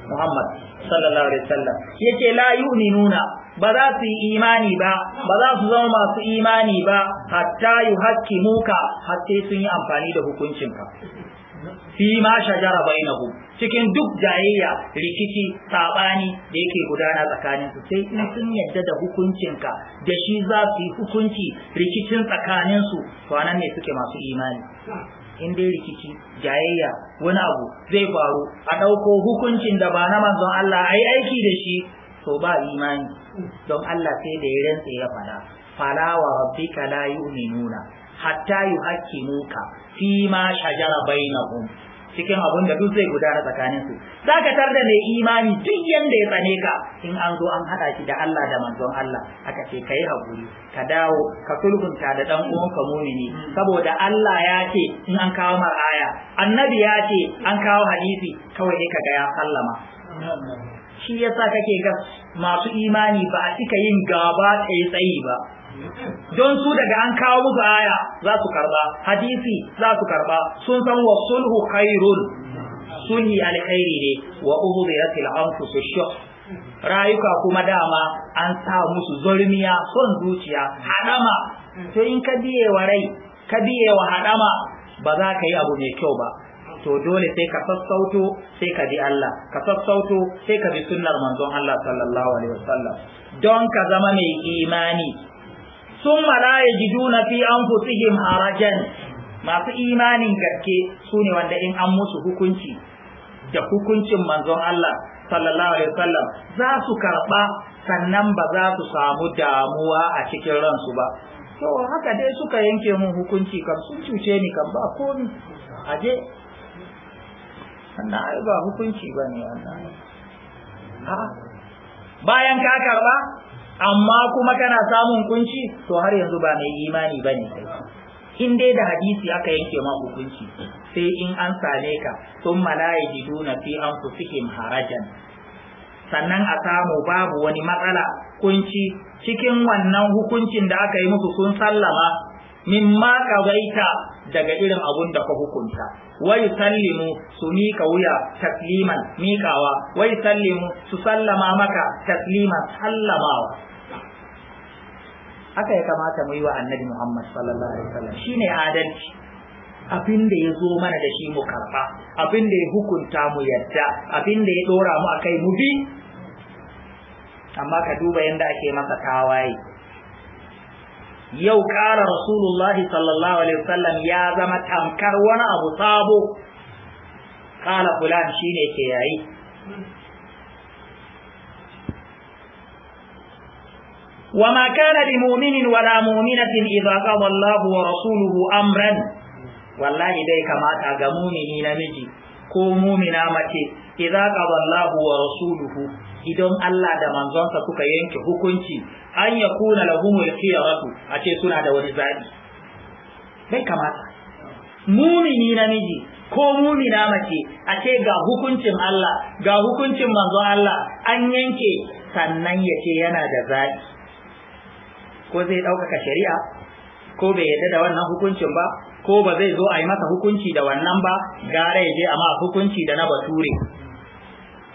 Speaker 1: Muhammad sallallahu alaihi wasallam yake la nuna ba za su yi imani ba ba za su zama masu imani ba hatta yu muka hatta sun yi amfani da hukuncinka fi ma shajara bainahu cikin duk jayayya rikici sabani da yake gudana tsakanin su sai in sun yadda da hukuncinka da shi za su yi hukunci rikicin tsakanin su to anan ne suke masu imani in dai rikici jayayya wani abu zai faru a ɗauko hukuncin da ba na manzon Allah ai aiki da shi to ba imani don Allah sai da ya rantse ya fada fala wa rabbika la yu'minuna hatta yuhaqqimuka fi ma shajara bainahum cikin abun da duk zai gudana tsakanin su zaka tarda mai imani duk yanda ya tsane ka in an zo an hada shi da Allah da manzon Allah aka ce kai hakuri ka dawo ka sulhunta da dan ka mumini saboda Allah ya ce in an kawo mar aya annabi ya ce an kawo hadisi kawai ne ga ya sallama shi yasa kake ga masu imani ba a cika yin gaba tsaye tsayi ba don su daga an kawo musu aya za su karba hadisi za su karba sun san wa sulhu khairun sulhi alkhairi ne wa uhdirat al-anfus ash rayuka kuma dama an sa musu zurmiya son zuciya hadama to in ka biye wa rai ka biye wa hadama ba za ka yi abu mai kyau ba to dole sai ka sassauto sai ka bi Allah ka sassauto sai ka bi sunnar manzon Allah sallallahu alaihi wasallam don ka zama mai imani sun la yajiduna fi anfusihim harajen masu imanin gaske su ne wanda in an musu hukunci da hukuncin manzon Allah sallallahu alaihi wasallam za su karba sannan ba za su samu damuwa a cikin ransu ba to haka dai suka yanke mun hukunci kan sun cuce ni kan ba komi aje wannan ai ba hukunci ba ne wannan bayan ka karba amma kuma kana samun kunci to har yanzu ba mai imani bane ne kai in dai da hadisi aka yanke ma hukunci sai in an same ka sun malaiki duna fi an fusihim harajan sannan a samu babu wani matsala kunci cikin wannan hukuncin da aka yi musu sun sallama mimma kawaita daga irin abun da ka hukunta wai sallimu su mika wuya tasliman mikawa wai sallimu su sallama maka tasliman sallamawa haka ya kamata mu yi wa annabi Muhammad sallallahu alaihi wasallam shine adalci abin da ya zo mana da shi mu karba abin da ya hukunta mu yadda abin da ya dora mu akai mu bi amma ka duba yanda ake masa tawaye يو قال رسول الله صلى الله عليه وسلم يا زمت أم وانا ابو صابو قال فلان شيني كياي وما كان لمؤمن ولا مؤمنة إذا قضى الله ورسوله أمرا والله إليك ما تعلمون إلى نجي كو مؤمنا متي إذا قضى الله ورسوله idan Allah da manzonsa suka yanke hukunci an ya kuna lahumul khiyaratu a ce suna da wani zabi bai kamata mumini namiji ko mumina mace a ce ga hukuncin Allah ga hukuncin manzon Allah an yanke sannan ya ce yana da zaɓi ko zai ɗaukaka shari'a ko bai yarda da wannan hukuncin ba ko ba zai zo a yi masa hukunci da wannan ba gara ya je a ma hukunci da na bature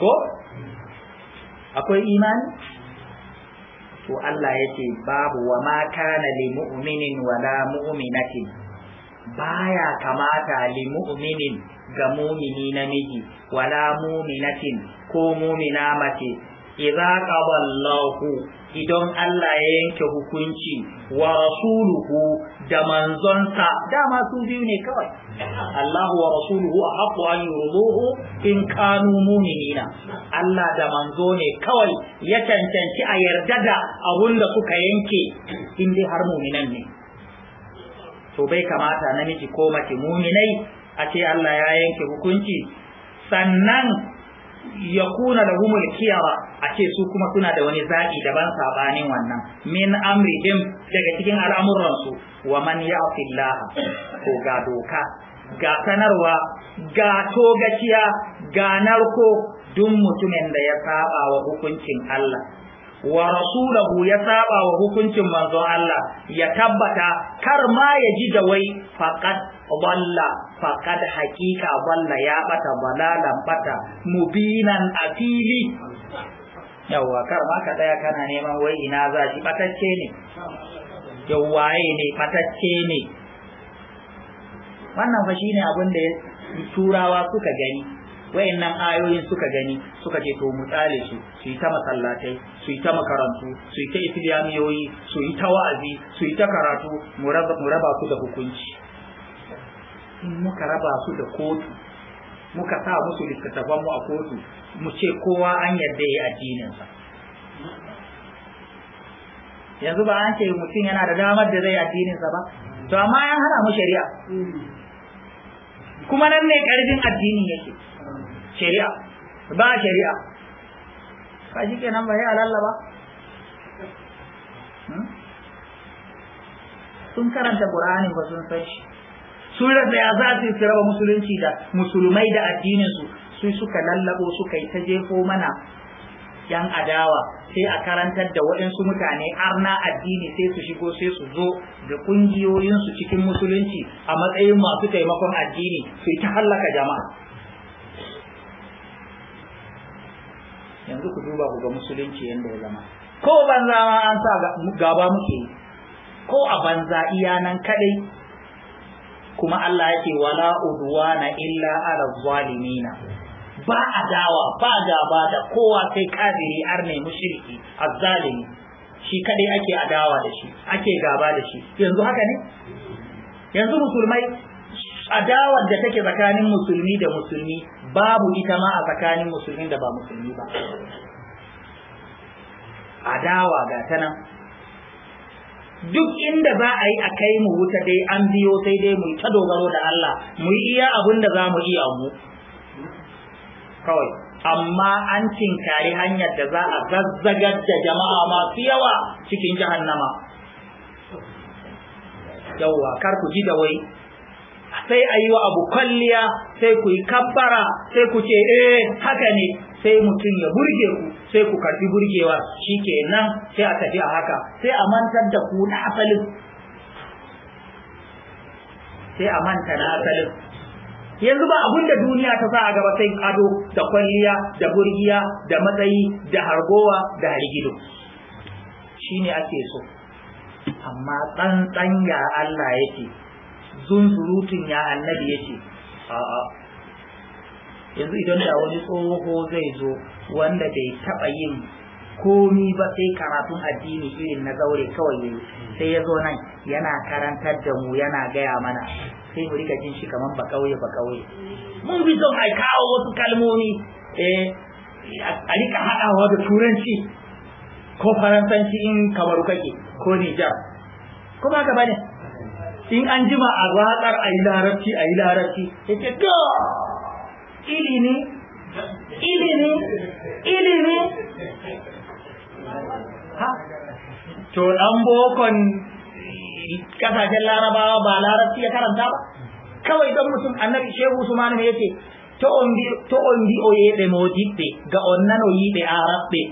Speaker 1: ko akwai imani to Allah yake babu wa ma kana li mu'minin wala mu'minatin baya kamata li mu'minin ga mumini namiji wala mu'minatin ko mumina mace idza qaballahu idan Allah ya yanke hukunci wa rasuluhu da manzonsa dama su biyu ne kawai Allah wa rasuluhu a haƙo an yurduhu in kanu muminina Allah da manzo ne kawai ya cancanci a yarda da abun da suka yanke in dai har muminan ne to bai kamata namiji ko mace muminai a ce Allah ya yanke hukunci sannan yakuna lahumul a ce su kuma suna da wani zaki daban sabanin wannan min amrihim daga cikin al'amuransu wa man ya'ti Allah ko ga doka ga sanarwa ga gaciya ga narko duk mutumin da ya saba wa hukuncin Allah wa rasulahu ya saba wa hukuncin manzon Allah ya tabbata kar ma ya ji da wai faqad balla faqad haqiqa balla ya bata balalan bata mubinan fili. yawwa kar ma ka daya kana neman wai ina za shi Ɓatacce ne yawwaye ne Ɓatacce ne wannan fa shine abin da turawa suka gani wayannan ayoyin suka gani suka ce to mutsale su su yi ta masallatai su yi ta makarantu su yi ta islamiyoyi su yi ta wa'azi su yi ta karatu mu raba su da hukunci in muka raba su da kotu muka sa musu littattafan mu a kotu mu ce kowa an yarda ya addininsa yanzu ba an ce mutum yana da damar da zai addininsa ba to amma ya hana mu shari'a kuma nan ne karfin addini yake shari'a ba shari'a ka shi kenan ba ya lalla ba hmm? sun karanta ƙur'ani ba sun san shi sun rasa ya za su raba musulunci da musulmai da addininsu su suka lallabo suka yi ta jefo mana yan adawa sai a karantar da waɗansu mutane arna addini sai su shigo sai su zo da ƙungiyoyinsu cikin musulunci a matsayin masu taimakon addini su ta hallaka jama'a yanzu ku duba ku ga musulunci yadda ya zama ko banza ma an sa gaba muke ko a banza iya nan kadai kuma Allah yake wala udwana illa ala zalimina ba adawa ba gaba da kowa sai kafiri arne mushriki azzalimi shi kadai ake adawa da shi ake gaba da shi yanzu haka ne yanzu musulmai adawar da take tsakanin musulmi da musulmi babu ita ma a tsakanin musulmi da ba musulmi ba adawa ga ta nan duk inda za a yi a kai mu wuta dai an biyo sai dai mu ta dogaro da Allah mu yi iya abin da za mu iya mu kawai amma an cinkari hanyar da za a zazzagar da jama'a masu yawa cikin jahannama yawwa kar ku ji da wai sai a yi wa abu kwalliya sai ku yi kabbara sai ku ce eh haka ne sai mutum ya burge ku sai ku karbi burgewa nan sai a tafi a haka sai a mantar da ku na asalin sai a manta na asalin yanzu ba abun da duniya ta sa a gaba sai ado da kwalliya da burgiya da matsayi da hargowa da Shi ne ake so amma tsantsan ya Allah yake zunzurutun ya annabi yake a'a yanzu idan da wani tsoho zai zo wanda bai taɓa yin komi ba sai karatun addini irin na zaure kawai yayi sai ya zo nan yana karantar da mu yana gaya mana sai mu riga jin shi kaman ba kauye ba kauye mun bi son ai kawo wasu kalmomi eh a rika haɗawa da turanci ko faransanci in kamar kake ko nijar ko ba ka bane in an jima a watsar a yi larabci a yi larabci ya ce ilimi ilimi ilimi ha to dan bokon kasashen larabawa ba larabci ya karanta ba kawai don mutum annabi shehu usman ya ce to on bi to on bi o yebe mojibbe ga onnano yibe arabbe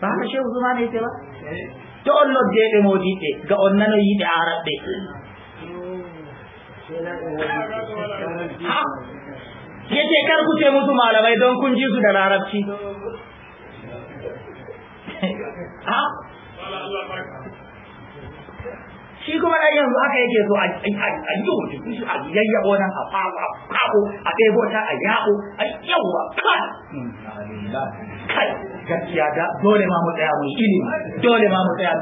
Speaker 1: ba haka shehu usman ya ce ba to on lodde mojibbe ga onnano yibe arabbe ha yace kar ku ce musu malamai don kun ji su da larabci ha shi kuma da yanzu aka yake so a yi hutu shi a yayya nan a a kako a ɗebo ta a yawo a yawa kai kai gaskiya da dole ma mu tsaya mu ilimi dole ma mu tsaya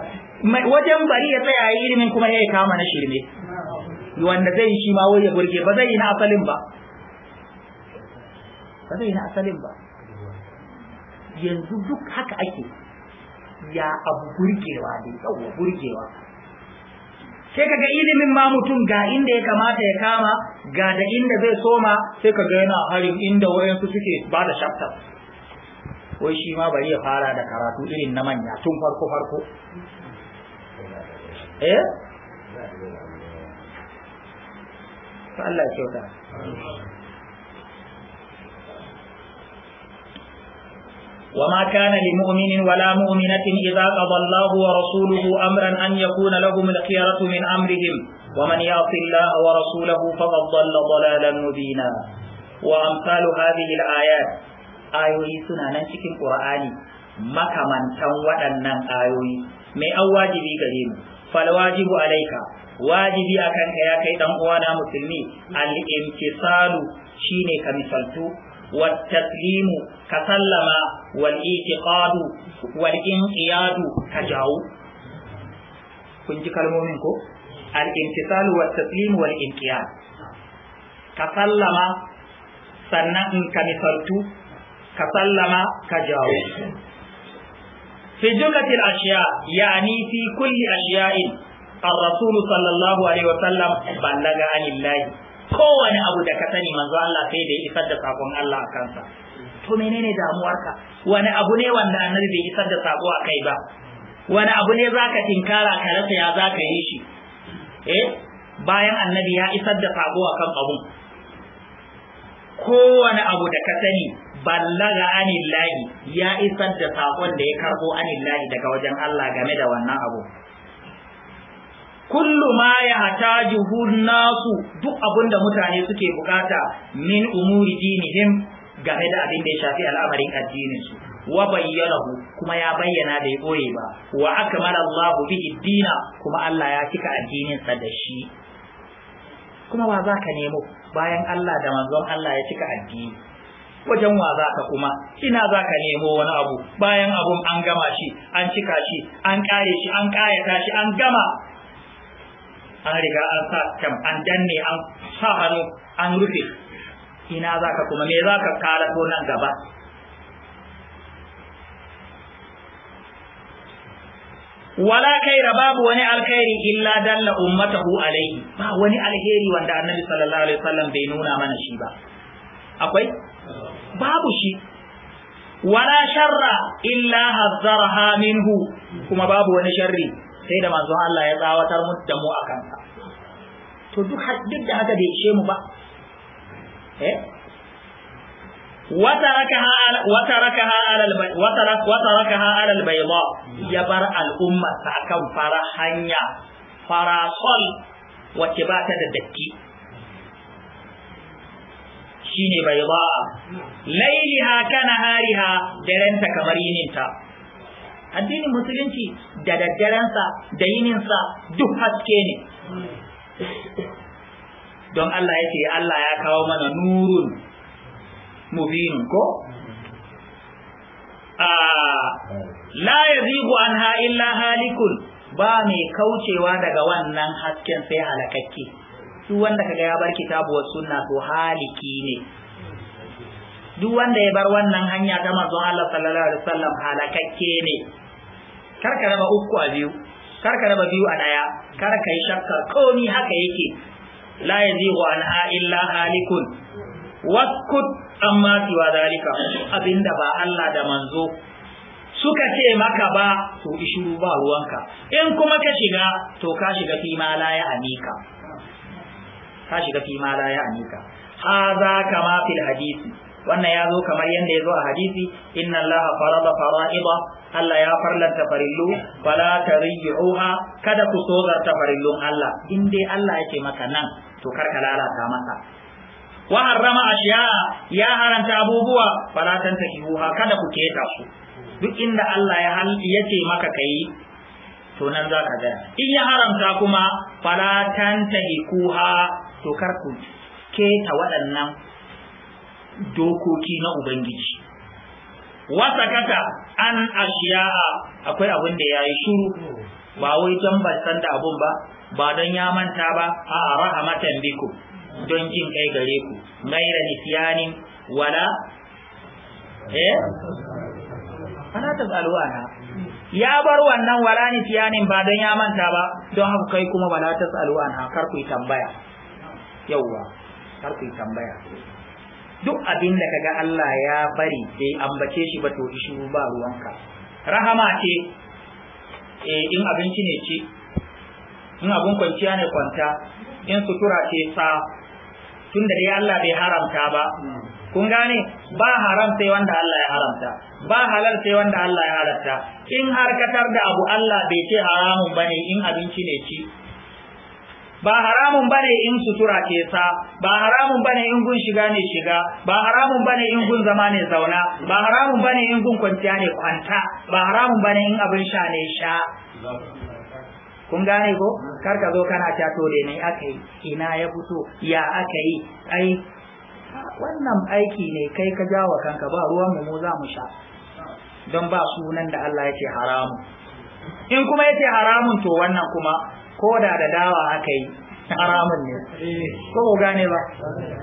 Speaker 1: wajen bari ya tsaya yi ilimin kuma ya kama na shirme wanda zai shi ma wai ya burge ba zai yi na asalin ba ba na asalin ba yanzu duk haka ake ya abu burgewa da yawa burgewa sai kaga ilimin ma mutum ga inda ya kamata ya kama ga da inda zai soma sai kaga yana harin inda wayansu suke ba da shaftar wai shi ma bari ya fara da karatu irin na manya tun farko farko eh Allah ya kyauta وما كان لمؤمن ولا مؤمنة إذا قضى الله ورسوله أمرا أن يكون لهم الخيرة من أمرهم ومن يعص الله ورسوله فقد ضل ضلالا مبينا وأمثال هذه الآيات آيوي سنانا شكل قرآني makamantan waɗannan ayoyi mai an wajibi gare mu falwajibu alaika wajibi a kanka ya kai ɗan uwana musulmi al-imtisalu shine ka misaltu والتسليم كسلم والاعتقاد والانقياد كجاو كنت كلمة ko? الامتثال والتسليم والانقياد كسلم sannan in ka misaltu ka sallama ka jawo fi jumlatil ashiya yani fi kulli ashiya'in الرسول صلى الله عليه وسلم بلغ عن الله kowane abu da ka sani manzo Allah sai da ya isar da sakon Allah a kansa to menene damuwarka wani abu ne wanda annabi bai isar da sako a kai ba wani abu ne zaka tinkara ka rasa ya zaka yi shi eh bayan annabi ya isar da sako kan abun kowane abu da ka sani ballaga anillahi ya isar da sakon da ya karbo anillahi daga wajen Allah game da wannan abu kullu ma ya nasu duk abinda mutane suke bukata min umuri dinihim game da abin da ya shafi al'amarin addinin su wa bayyanahu kuma ya bayyana da ya koye ba wa akmala Allah bihi dina kuma Allah ya cika addinin sa da shi kuma wa za ka nemo bayan Allah da manzon Allah ya cika addini wajen wa za ka kuma ina za ka nemo wani abu bayan abun an gama shi an cika shi an kare shi an kayata shi an gama an riga an sa cam an danne an sa hannu an rufe ina za ka kuma me za ka kala to nan gaba wala kaira babu wani alkhairi illa dalla ummatahu alaihi ba wani alheri wanda annabi sallallahu alaihi wasallam bai nuna mana shi ba akwai babu shi wala sharra illa hazzaraha minhu kuma babu wani sharri sai da manzon Allah ya tsawatar mu da mu a kansa to duk da haka bai ishe mu ba eh watarakaha alal bayda ya bar al'umma ta akan fara hanya farasol wacce ba ta da datti shine bayda lailiha kana hariha darenta kamar yininta addinin musulunci da daddarensa da yininsa duk haske ne don Allah ya ce Allah ya kawo mana nurun mubin ko ah, la yazigu anha illa halikun ba mai kaucewa daga wannan hasken sai halakakke duk wanda kaga ya bar kitabu wa sunna to haliki ne duk wanda ya bar wannan hanya ta manzon Allah sallallahu alaihi wasallam halakakke ne kar ka raba uku a biyu kar ka raba biyu a daya kar ka yi shakka komi haka yake la yazihu an illa halikun waskut amma siwa zalika abinda ba Allah da manzo suka ce maka ba to ishuru ba ruwanka in kuma ka shiga to ka shiga fi ma la ya amika. ka shiga fi ma la ya anika hadha kama fil hadisi wannan ya zo kamar yadda ya zo a hadisi inna Allah farada fara'ida Allah ya farlanta farillu fala tarji'uha kada ku sozarta farillun Allah in dai Allah yake maka nan to karka lalata masa wa harrama ashiya ya haranta abubuwa fala tantakihuha kada ku keta su duk inda Allah ya yake maka kai to nan za ka gaya in ya haramta kuma fala tantahiquha to kar ku keta waɗannan dokoki na ubangiji wasa kaka an ashiya'a akwai abin da yayi shiru ba wai don ba san da abun ba ba don ya manta ba a rahamatan biku don jin kai gare ku gaira nisyanin wala eh ana tasaluwana ya bar wannan wala nisyanin ba don ya manta ba don haka kai kuma wala tasaluwana kar ku tambaya yauwa kar ku tambaya duk abin da kaga Allah ya bari sai ambace shi ba to shi ba ruwanka rahama ce eh in abinci ne ci in abun kwanciya ne kwanta in sutura ce sa tunda dai Allah bai haramta ba kun gane ba haram sai wanda Allah ya haramta ba halal sai wanda Allah ya haramta in harkatar da abu Allah bai ce haramun bane in abinci ne ci ba haramun bane in sutura kesa ba haramun bane in gun shiga ne shiga ba haramun bane in gun zama ne zauna ba haramun bane in gun kwanciya ne kwanta ba haramun bane in abin sha ne sha kun gane ko kar ka zo kana ta to ne aka yi ina ya fito ya aka yi ai wannan aiki ne kai ka jawo kanka ba ruwan mu za mu sha don ba sunan da Allah yake haramu. haramun in kuma yake haramun to wannan kuma ko da da dawa aka yi haramun ne ko ku gane ba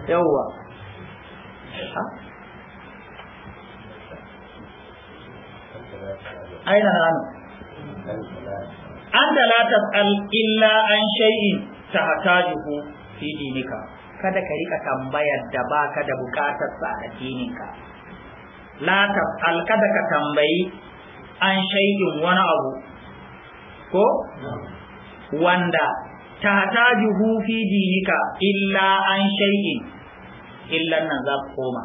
Speaker 1: yawwa aina hannu an talata al illa an shay'in tahtajuhu fi dinika kada ka rika tambayar da baka da bukatar sa a dininka la tas'al kada ka tambayi an shay'in wani abu ko wanda ta tajuhu fi jihika illa an shay'in illan nan za ku koma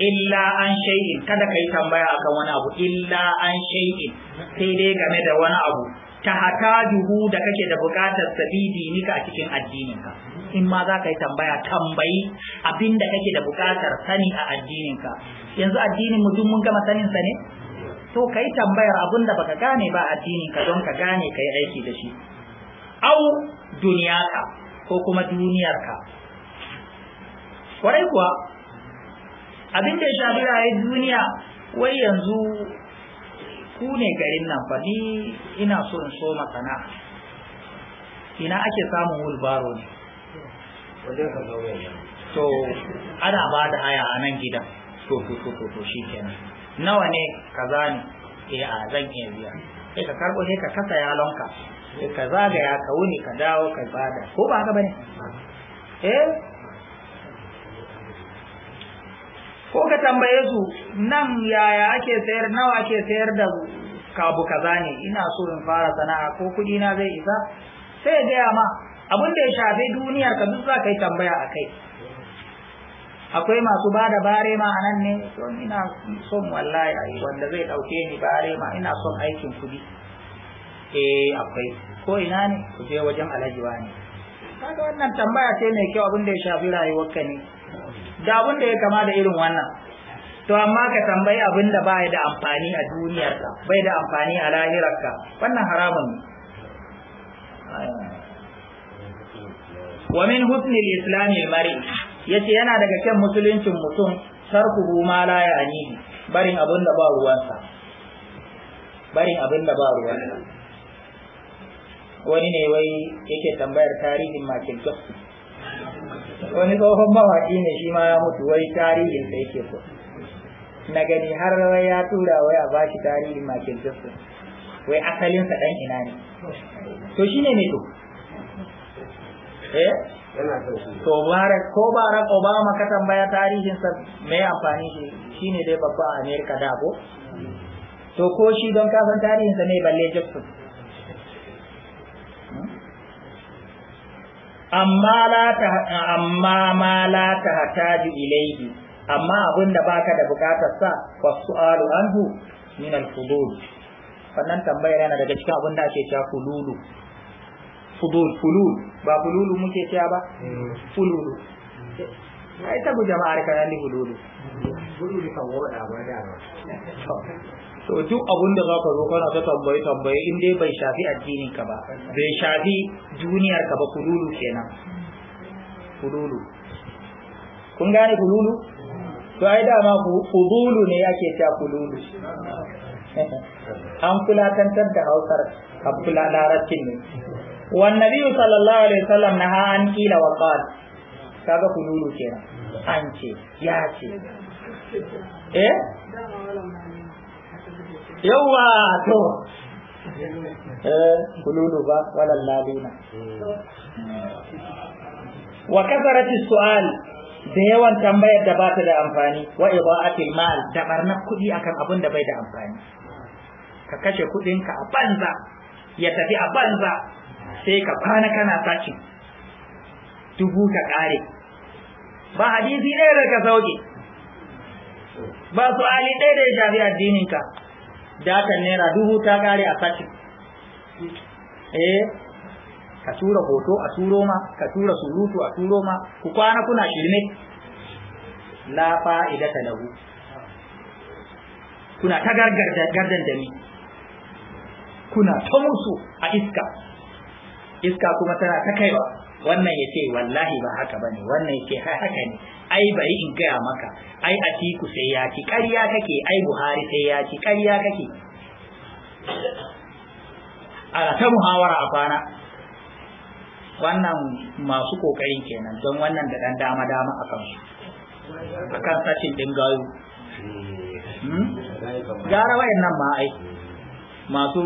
Speaker 1: illa an shay'in kada yi tambaya akan wani abu illa an shay'in sai dai game da wani abu ta hatajuhu da kake da bukatar sabidi nika a cikin addininka in ma za ka yi tambaya tambayi abin da kake da bukatar sani a addininka yanzu addinin mutum mun gama sanin sa ne to kai tambayar abin da baka gane ba addininka don ka gane kai aiki da shi au Duniya ka, ko kuma duniyar ka. kwarai kuwa abin da ya shafi rayuwar duniya wai yanzu ku ne garin nan fa ni ina so in so sana'a ina ake samun wulbaro ne to ana ba da haya a nan gidan to to to to shi kenan nawa ne kaza ne eh a zan iya biya sai ka karbo sai ka kasa yalonka ka zagaya ka wuni ka dawo ka bada ko ba haka bane eh ko ka tambaye su nan yaya ake sayar nawa ake sayar da kabu kaza ne ina so in fara sana'a ko kudi na zai isa sai ya gaya ma Abun da ya shafi duniya ka duk za ka yi tambaya a kai akwai masu ba da bare ma anan ne ina son wallahi wanda zai ɗauke ni bare ma ina son aikin kudi eh akwai ko ina ne ku je wajen alhaji wani kaga wannan tambaya ce mai kyau abin da ya shafi rayuwarka ne da abin da ya kama da irin wannan to amma ka tambayi abin da ba da amfani a duniyarka bai da amfani a lahirarka wannan haramun ne ومن حسن الاسلام المرئ mari yace yana daga kyan musuluncin mutum sarku ma la ya'ni barin abin da ba ruwansa barin abin da ba ruwansa wani ne wai yake tambayar tarihin Michael Jackson wani tsohon mawaƙi ne shi ma ya mutu wai tarihin sa yake so na gani har ya tura wai a bashi tarihin Michael Jackson wai asalin sa dan ina ne to shine ne to eh to Barack ko Barack Obama ka tambaya tarihin sa mai amfani shi shine dai babba a America da ko to ko shi don kafin tarihin sa ne balle Jackson amma la ta amma ma la ta hataji ilayhi amma abinda baka da bukatar sa su'alu anhu min al-fudul wannan tambayar yana daga cikin abinda ake cewa fululu fudul fulul ba fululu muke cewa ba fululu ai ta bu jama'ar kana ni fululu fululu ka wada ba da so duk abun da zaka zo kana ta tambaye tambaye in dai bai shafi addinin ka ba bai shafi duniyar ka ba kululu kenan kululu kun gane kululu to ai dama kululu ne yake ta kululu an kula tantar da hausar a larabcin ne wan nabi sallallahu alaihi wasallam na an kila wa qal kaga kululu kenan an ce ya ce eh yawa to eh kululu ba walal ladina wa kasarati su'al da yawan tambayar da ba ta da amfani wa ibaatil mal da barna kudi akan abin da bai da amfani ka kashe kudin ka a banza ya tafi a banza sai ka kwana kana sace dubu ka kare ba hadisi ɗaya da ka sauke ba su ali ɗaya da ya shafi ka datan naira dubu ta gare a sati eh ka tura hoto a turo ma ka tura surutu a turo ma ku kwana kuna shirme la fa'idata lahu kuna ta gargarda gardan ni kuna ta musu a iska iska kuma tana ta kaiwa wannan ya ce wallahi ba haka ba ne wannan ya haka ne ai bai in gaya maka ai atiku sai ya ci ƙarya kake ai buhari sai ya ci ƙarya kake a ta muhawara a kwana wannan masu ƙoƙarin kenan don wannan da ɗan dama dama a kansu a kan sashin ɗin gawo. Hmm? gara wayan nan ma ai masu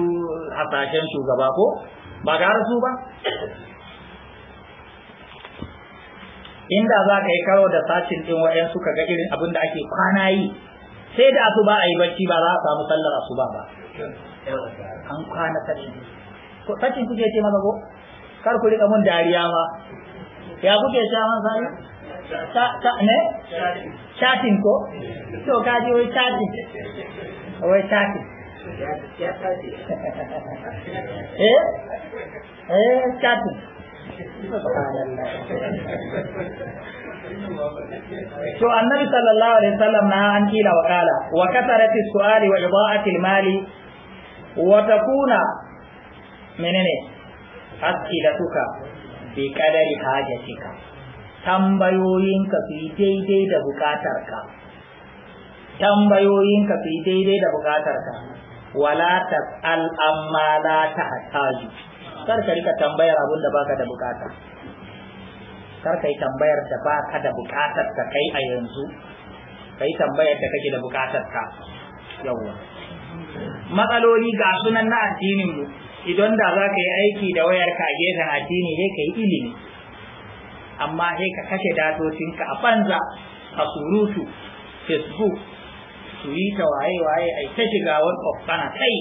Speaker 1: hasashen shugaba ko ba gara su ba inda za ka yi karo da sacin ɗin wa'yan suka ga irin abin da ake kwana yi sai da su ba a yi bacci ba za a samu sallar asuba ba an kwana sacin ko sacin kuke ce maka ko kar ku rika mun dariya ma ya kuke sha man sani ta ne chatting ko to ka ji wai chatting wai chatting eh eh chatting to annabi sallallahu alaihi wasallam na an kila wa kala wa kasarati su'ali wa ida'ati mali wa takuna menene as'ilatuka bi qadari hajatika tambayoyinka su yi daidai da bukatarka tambayoyinka su yi daidai da bukatarka wala tas'al amma la tahtaju kar ka rika tambayar abin da baka da bukata kar ka yi tambayar da baka da bukatar ka kai a yanzu ka tambayar da kake da bukatar ka yawa matsaloli ga sunan na addinin mu idan da za ka yi aiki da wayar ka gefen addini sai ka yi ilimi amma sai ka kashe ka a banza a surutu facebook twitter waye waye ai ta shiga wani kana kai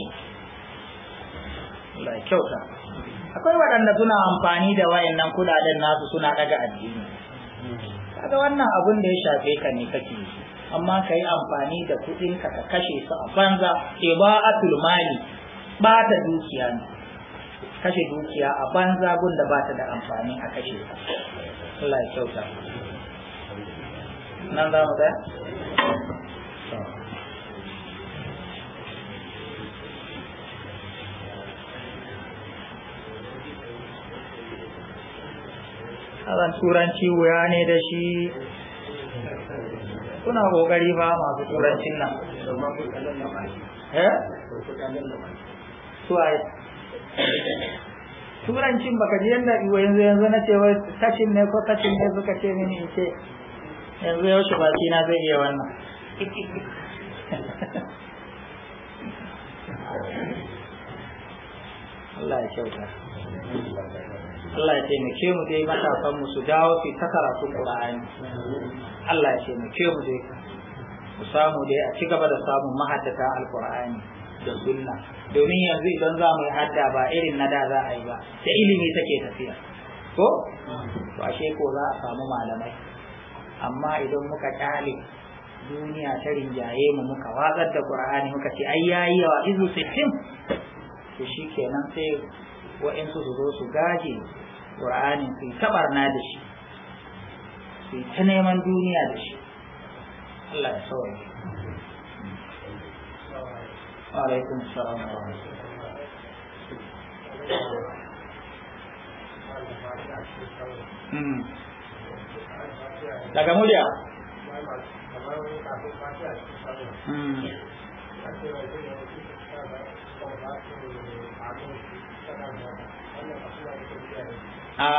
Speaker 1: Allah kyauta akwai waɗanda suna amfani da wayannan kudaden nasu suna daga addini kaga wannan abun da ya shafe ka ne kake amma ka yi amfani da kuɗin ka ka kashe su a banza ba a mali ba ta dukiya ne kashe dukiya a banza gun da ba ta da amfani a kashe ta Allah ya kyauta nan za mu tsaya azan turanci wuya ne da shi suna kokari ba masu turancin nan eh? turancin baka ji yadda yanzu yanzu na ce wai kashin ne ko kashin ne suka ce mini in ce yanzu yaushe baki na zai iya wannan Allah ya kyauta Allah ya taimake mu dai matasan mu su dawo su ta karatun Qur'ani Allah ya taimake mu dai mu samu dai a ci gaba da samun mahaddata qurani da sunna domin yanzu idan za mu yi hadda ba irin na da za a yi ba da ilimi take tafiya ko to ashe ko za a samu malamai amma idan muka kyale duniya ta rinjaye mu muka watsar da qur'ani muka ce ai yayi yawa izu sittin to shikenan sai waɗansu su zo su gaje ƙur'anin su yi tabarna da shi su yi ta neman duniya da shi
Speaker 3: Allah ya sauya alaikum salam wa daga murya Thank you.
Speaker 1: a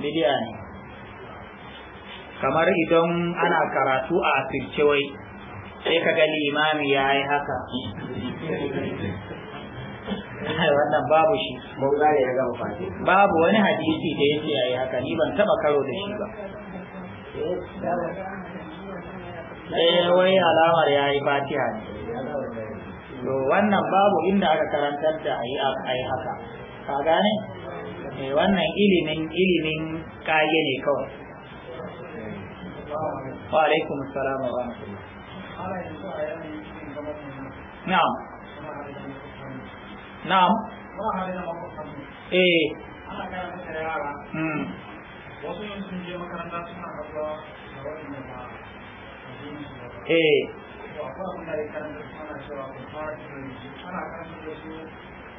Speaker 1: bidiya ne kamar idan ana karatu a asirce wai sai ka ga limami ya yi haka wannan babu shi babu wani hadisi da ya ce ya yi haka ni ban taba karo da shi ba eh wai alamar ya yi fatiha ne to wannan babu inda aka karantar da a yi haka ka gane Eh, wannan ilimin ilimin kage ne kawai wa alaikum assalam wa na'am na'am eh, hmm. eh.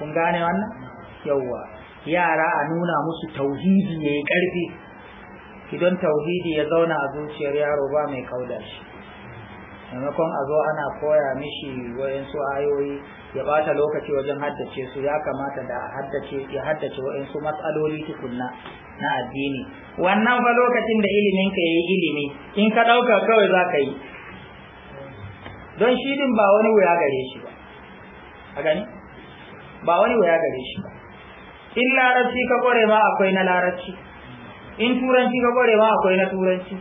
Speaker 1: kun gane wannan yawwa yara a nuna musu tauhidi ya karfi ƙarfi idan tauhidi ya zauna a zuciyar yaro ba mai kauda shi maimakon a zo ana koya mishi wayansu ayoyi ya bata lokaci wajen haddace su ya kamata da haddace ya haddace wayansu matsaloli tukunna na addini wannan fa lokacin da ilimin ka yayi ilimi in ka dauka kawai za ka yi don shi din ba wani wuya gare shi ba a gani ba wani waya gare shi in larabci ka kware ma akwai na larabci in turanci ka kware ma akwai na turanci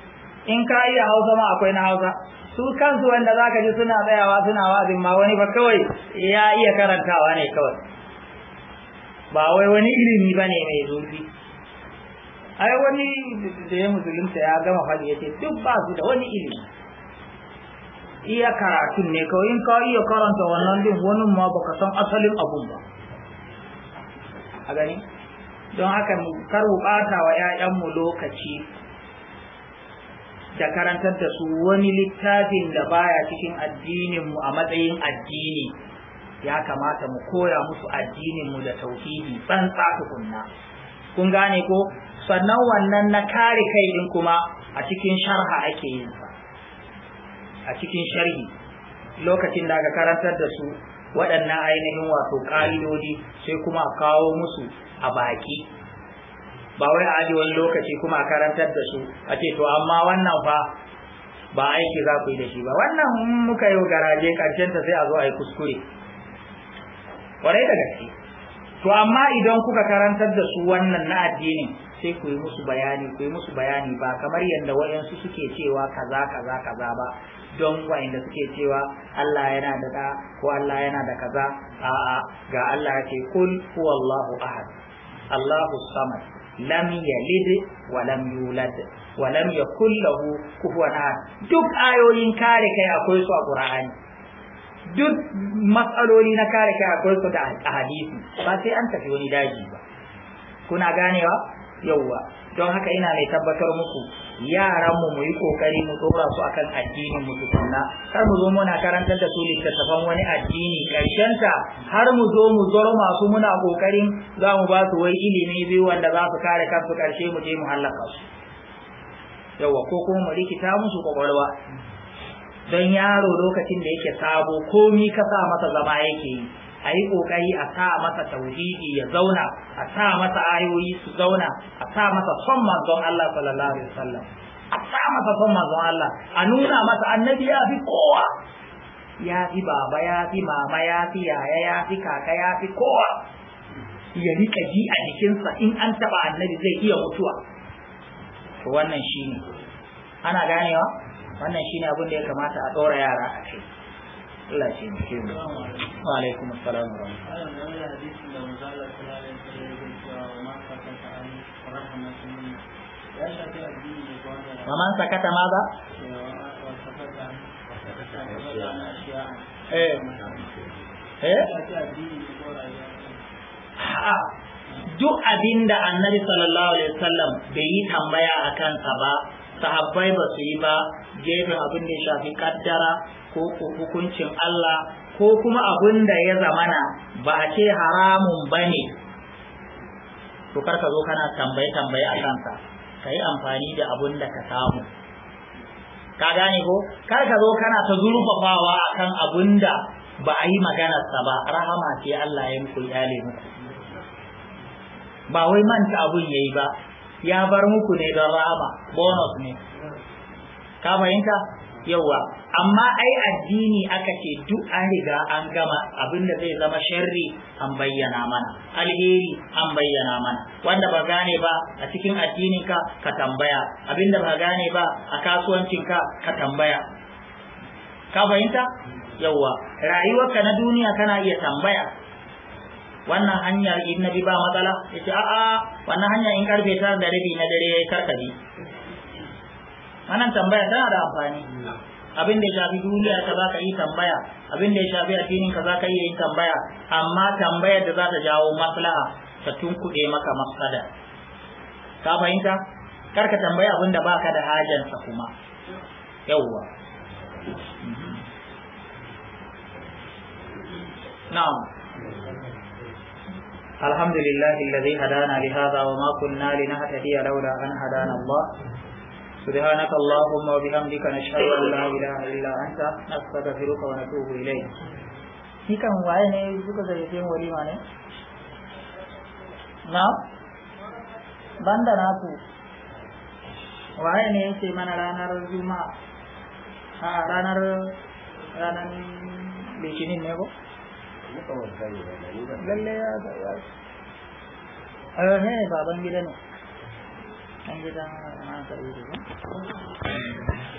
Speaker 1: in ka iya hausa ma akwai na hausa su kansu wanda za ka ji suna tsayawa suna wazin ma wani ba kawai ya iya karantawa ne kawai ba wai wani ilimi ba ne mai zurfi ai wani da ya musulunta ya gama fadi ya ce duk ba su da wani ilimi iya karatun ne kawai in ka iya karanta wannan din wani ma baka san asalin abun ba a gani don haka kar mu bata wa ƴaƴanmu lokaci da karantar da su wani littafin da baya cikin addinin mu a matsayin addini ya kamata mu koya musu addinin mu da tauhidi tsantsa tukunna kun gane ko sannan wannan na kare kai din kuma a cikin sharha ake yin sa a cikin sharhi lokacin da aka karantar da su waɗannan ainihin wato ƙa'idodi sai kuma a kawo musu a baki ba wai a aji wani lokaci kuma a karantar da su a ce to amma wannan fa ba aiki za ku yi da shi ba wannan muka yi garaje ta sai a zo a yi kuskure ƙwarai da gaske to amma idan kuka karantar da su wannan na addinin sai ku yi musu bayani ku yi musu bayani ba kamar yadda wayansu suke cewa kaza kaza kaza ba don wa'inda suke cewa Allah yana da da ko Allah yana da kaza a'a ga Allah ya kul huwallahu ahad Allahu samad lam yalid wa lam yulad wa lam yakul lahu kufuwan ahad duk ayoyin kare kai akwai su a Qur'ani duk matsaloli na kare kai akwai su da hadisi ba sai an tafi wani daji ba kuna ganewa yauwa don haka ina mai tabbatar muku yaran mu mu yi kokari mu dora su akan addinin mu tukunna kar mu zo muna karantar da su littattafan wani addini ta har mu zo mu zoro masu muna kokarin za mu ba su wai ilimi biyu wanda za su kare kansu karshe mu je mu su yawa ko kuma mu rikita musu kwakwalwa don yaro lokacin da yake sabo komi ka sa masa zama yake yi a yi ƙoƙari a sa masa tauhidi ya zauna a sa masa ayoyi su zauna a sa masa son manzon Allah sallallahu alaihi wasallam a sa masa son manzon Allah a nuna masa annabi ya fi kowa ya fi baba ya fi mama ya fi yaya ya fi kaka ya fi kowa ya rika ji a jikinsa in an taba annabi zai iya mutuwa to wannan shine ana ganewa wannan shine abin da ya kamata a ɗora yara a kai Allah duk abinda annabi sallallahu alaihi wasallam bai yi tambaya a kansa ba sahabbai ba su yi ba gefen abin da ya shafi kaddara ko hukuncin Allah ko kuma abin da ya zamana ba a ce haramun ba ne to karka zo kana tambaye-tambaye a kansa ka yi amfani da abin da ka samu ka gane ko karka zo kana ta zurfafawa a kan abin da ba a yi maganarsa ba rahama ce Allah ya muku iyale muku ba wai manta abin ya yi ba ya bar muku ne don rahama bonus ne ka fahimta yawa amma ai addini aka ce duk an riga an gama abin da zai zama sharri an bayyana mana alheri an bayyana mana wanda ba gane ba a cikin addinin ka ka tambaya abin da ba gane ba a kasuwancin ka ka tambaya ka fahimta yawa rayuwarka na duniya kana iya tambaya wannan hanyar in na bi ba matsala ya ce a'a wannan hanyar in karfe tara da rabi na dare ya karkabi wannan tambaya tana da amfani abin da ya shafi duniya ka za ka yi tambaya abin da ya shafi addinin ka za ka yi tambaya amma tambayar da za ta jawo maslaha ta tunkuɗe maka matsala ka fahimta karka tambaya abin da baka da hajansa kuma yawwa mhm. na'am الحمد لله الذي هدانا لهذا وما كنا لنهتدي لولا أن هدانا الله سبحانك اللهم وبحمدك نشهد أن لا إله إلا أنت نستغفرك ونتوب إليك shi kan waye ne suka zarge walima ne na banda na ku waye ne ya ce mana ranar juma'a a ranar ranar litinin ne ko lalle ya ga ya a ne baban gida ne an gida na ta yi da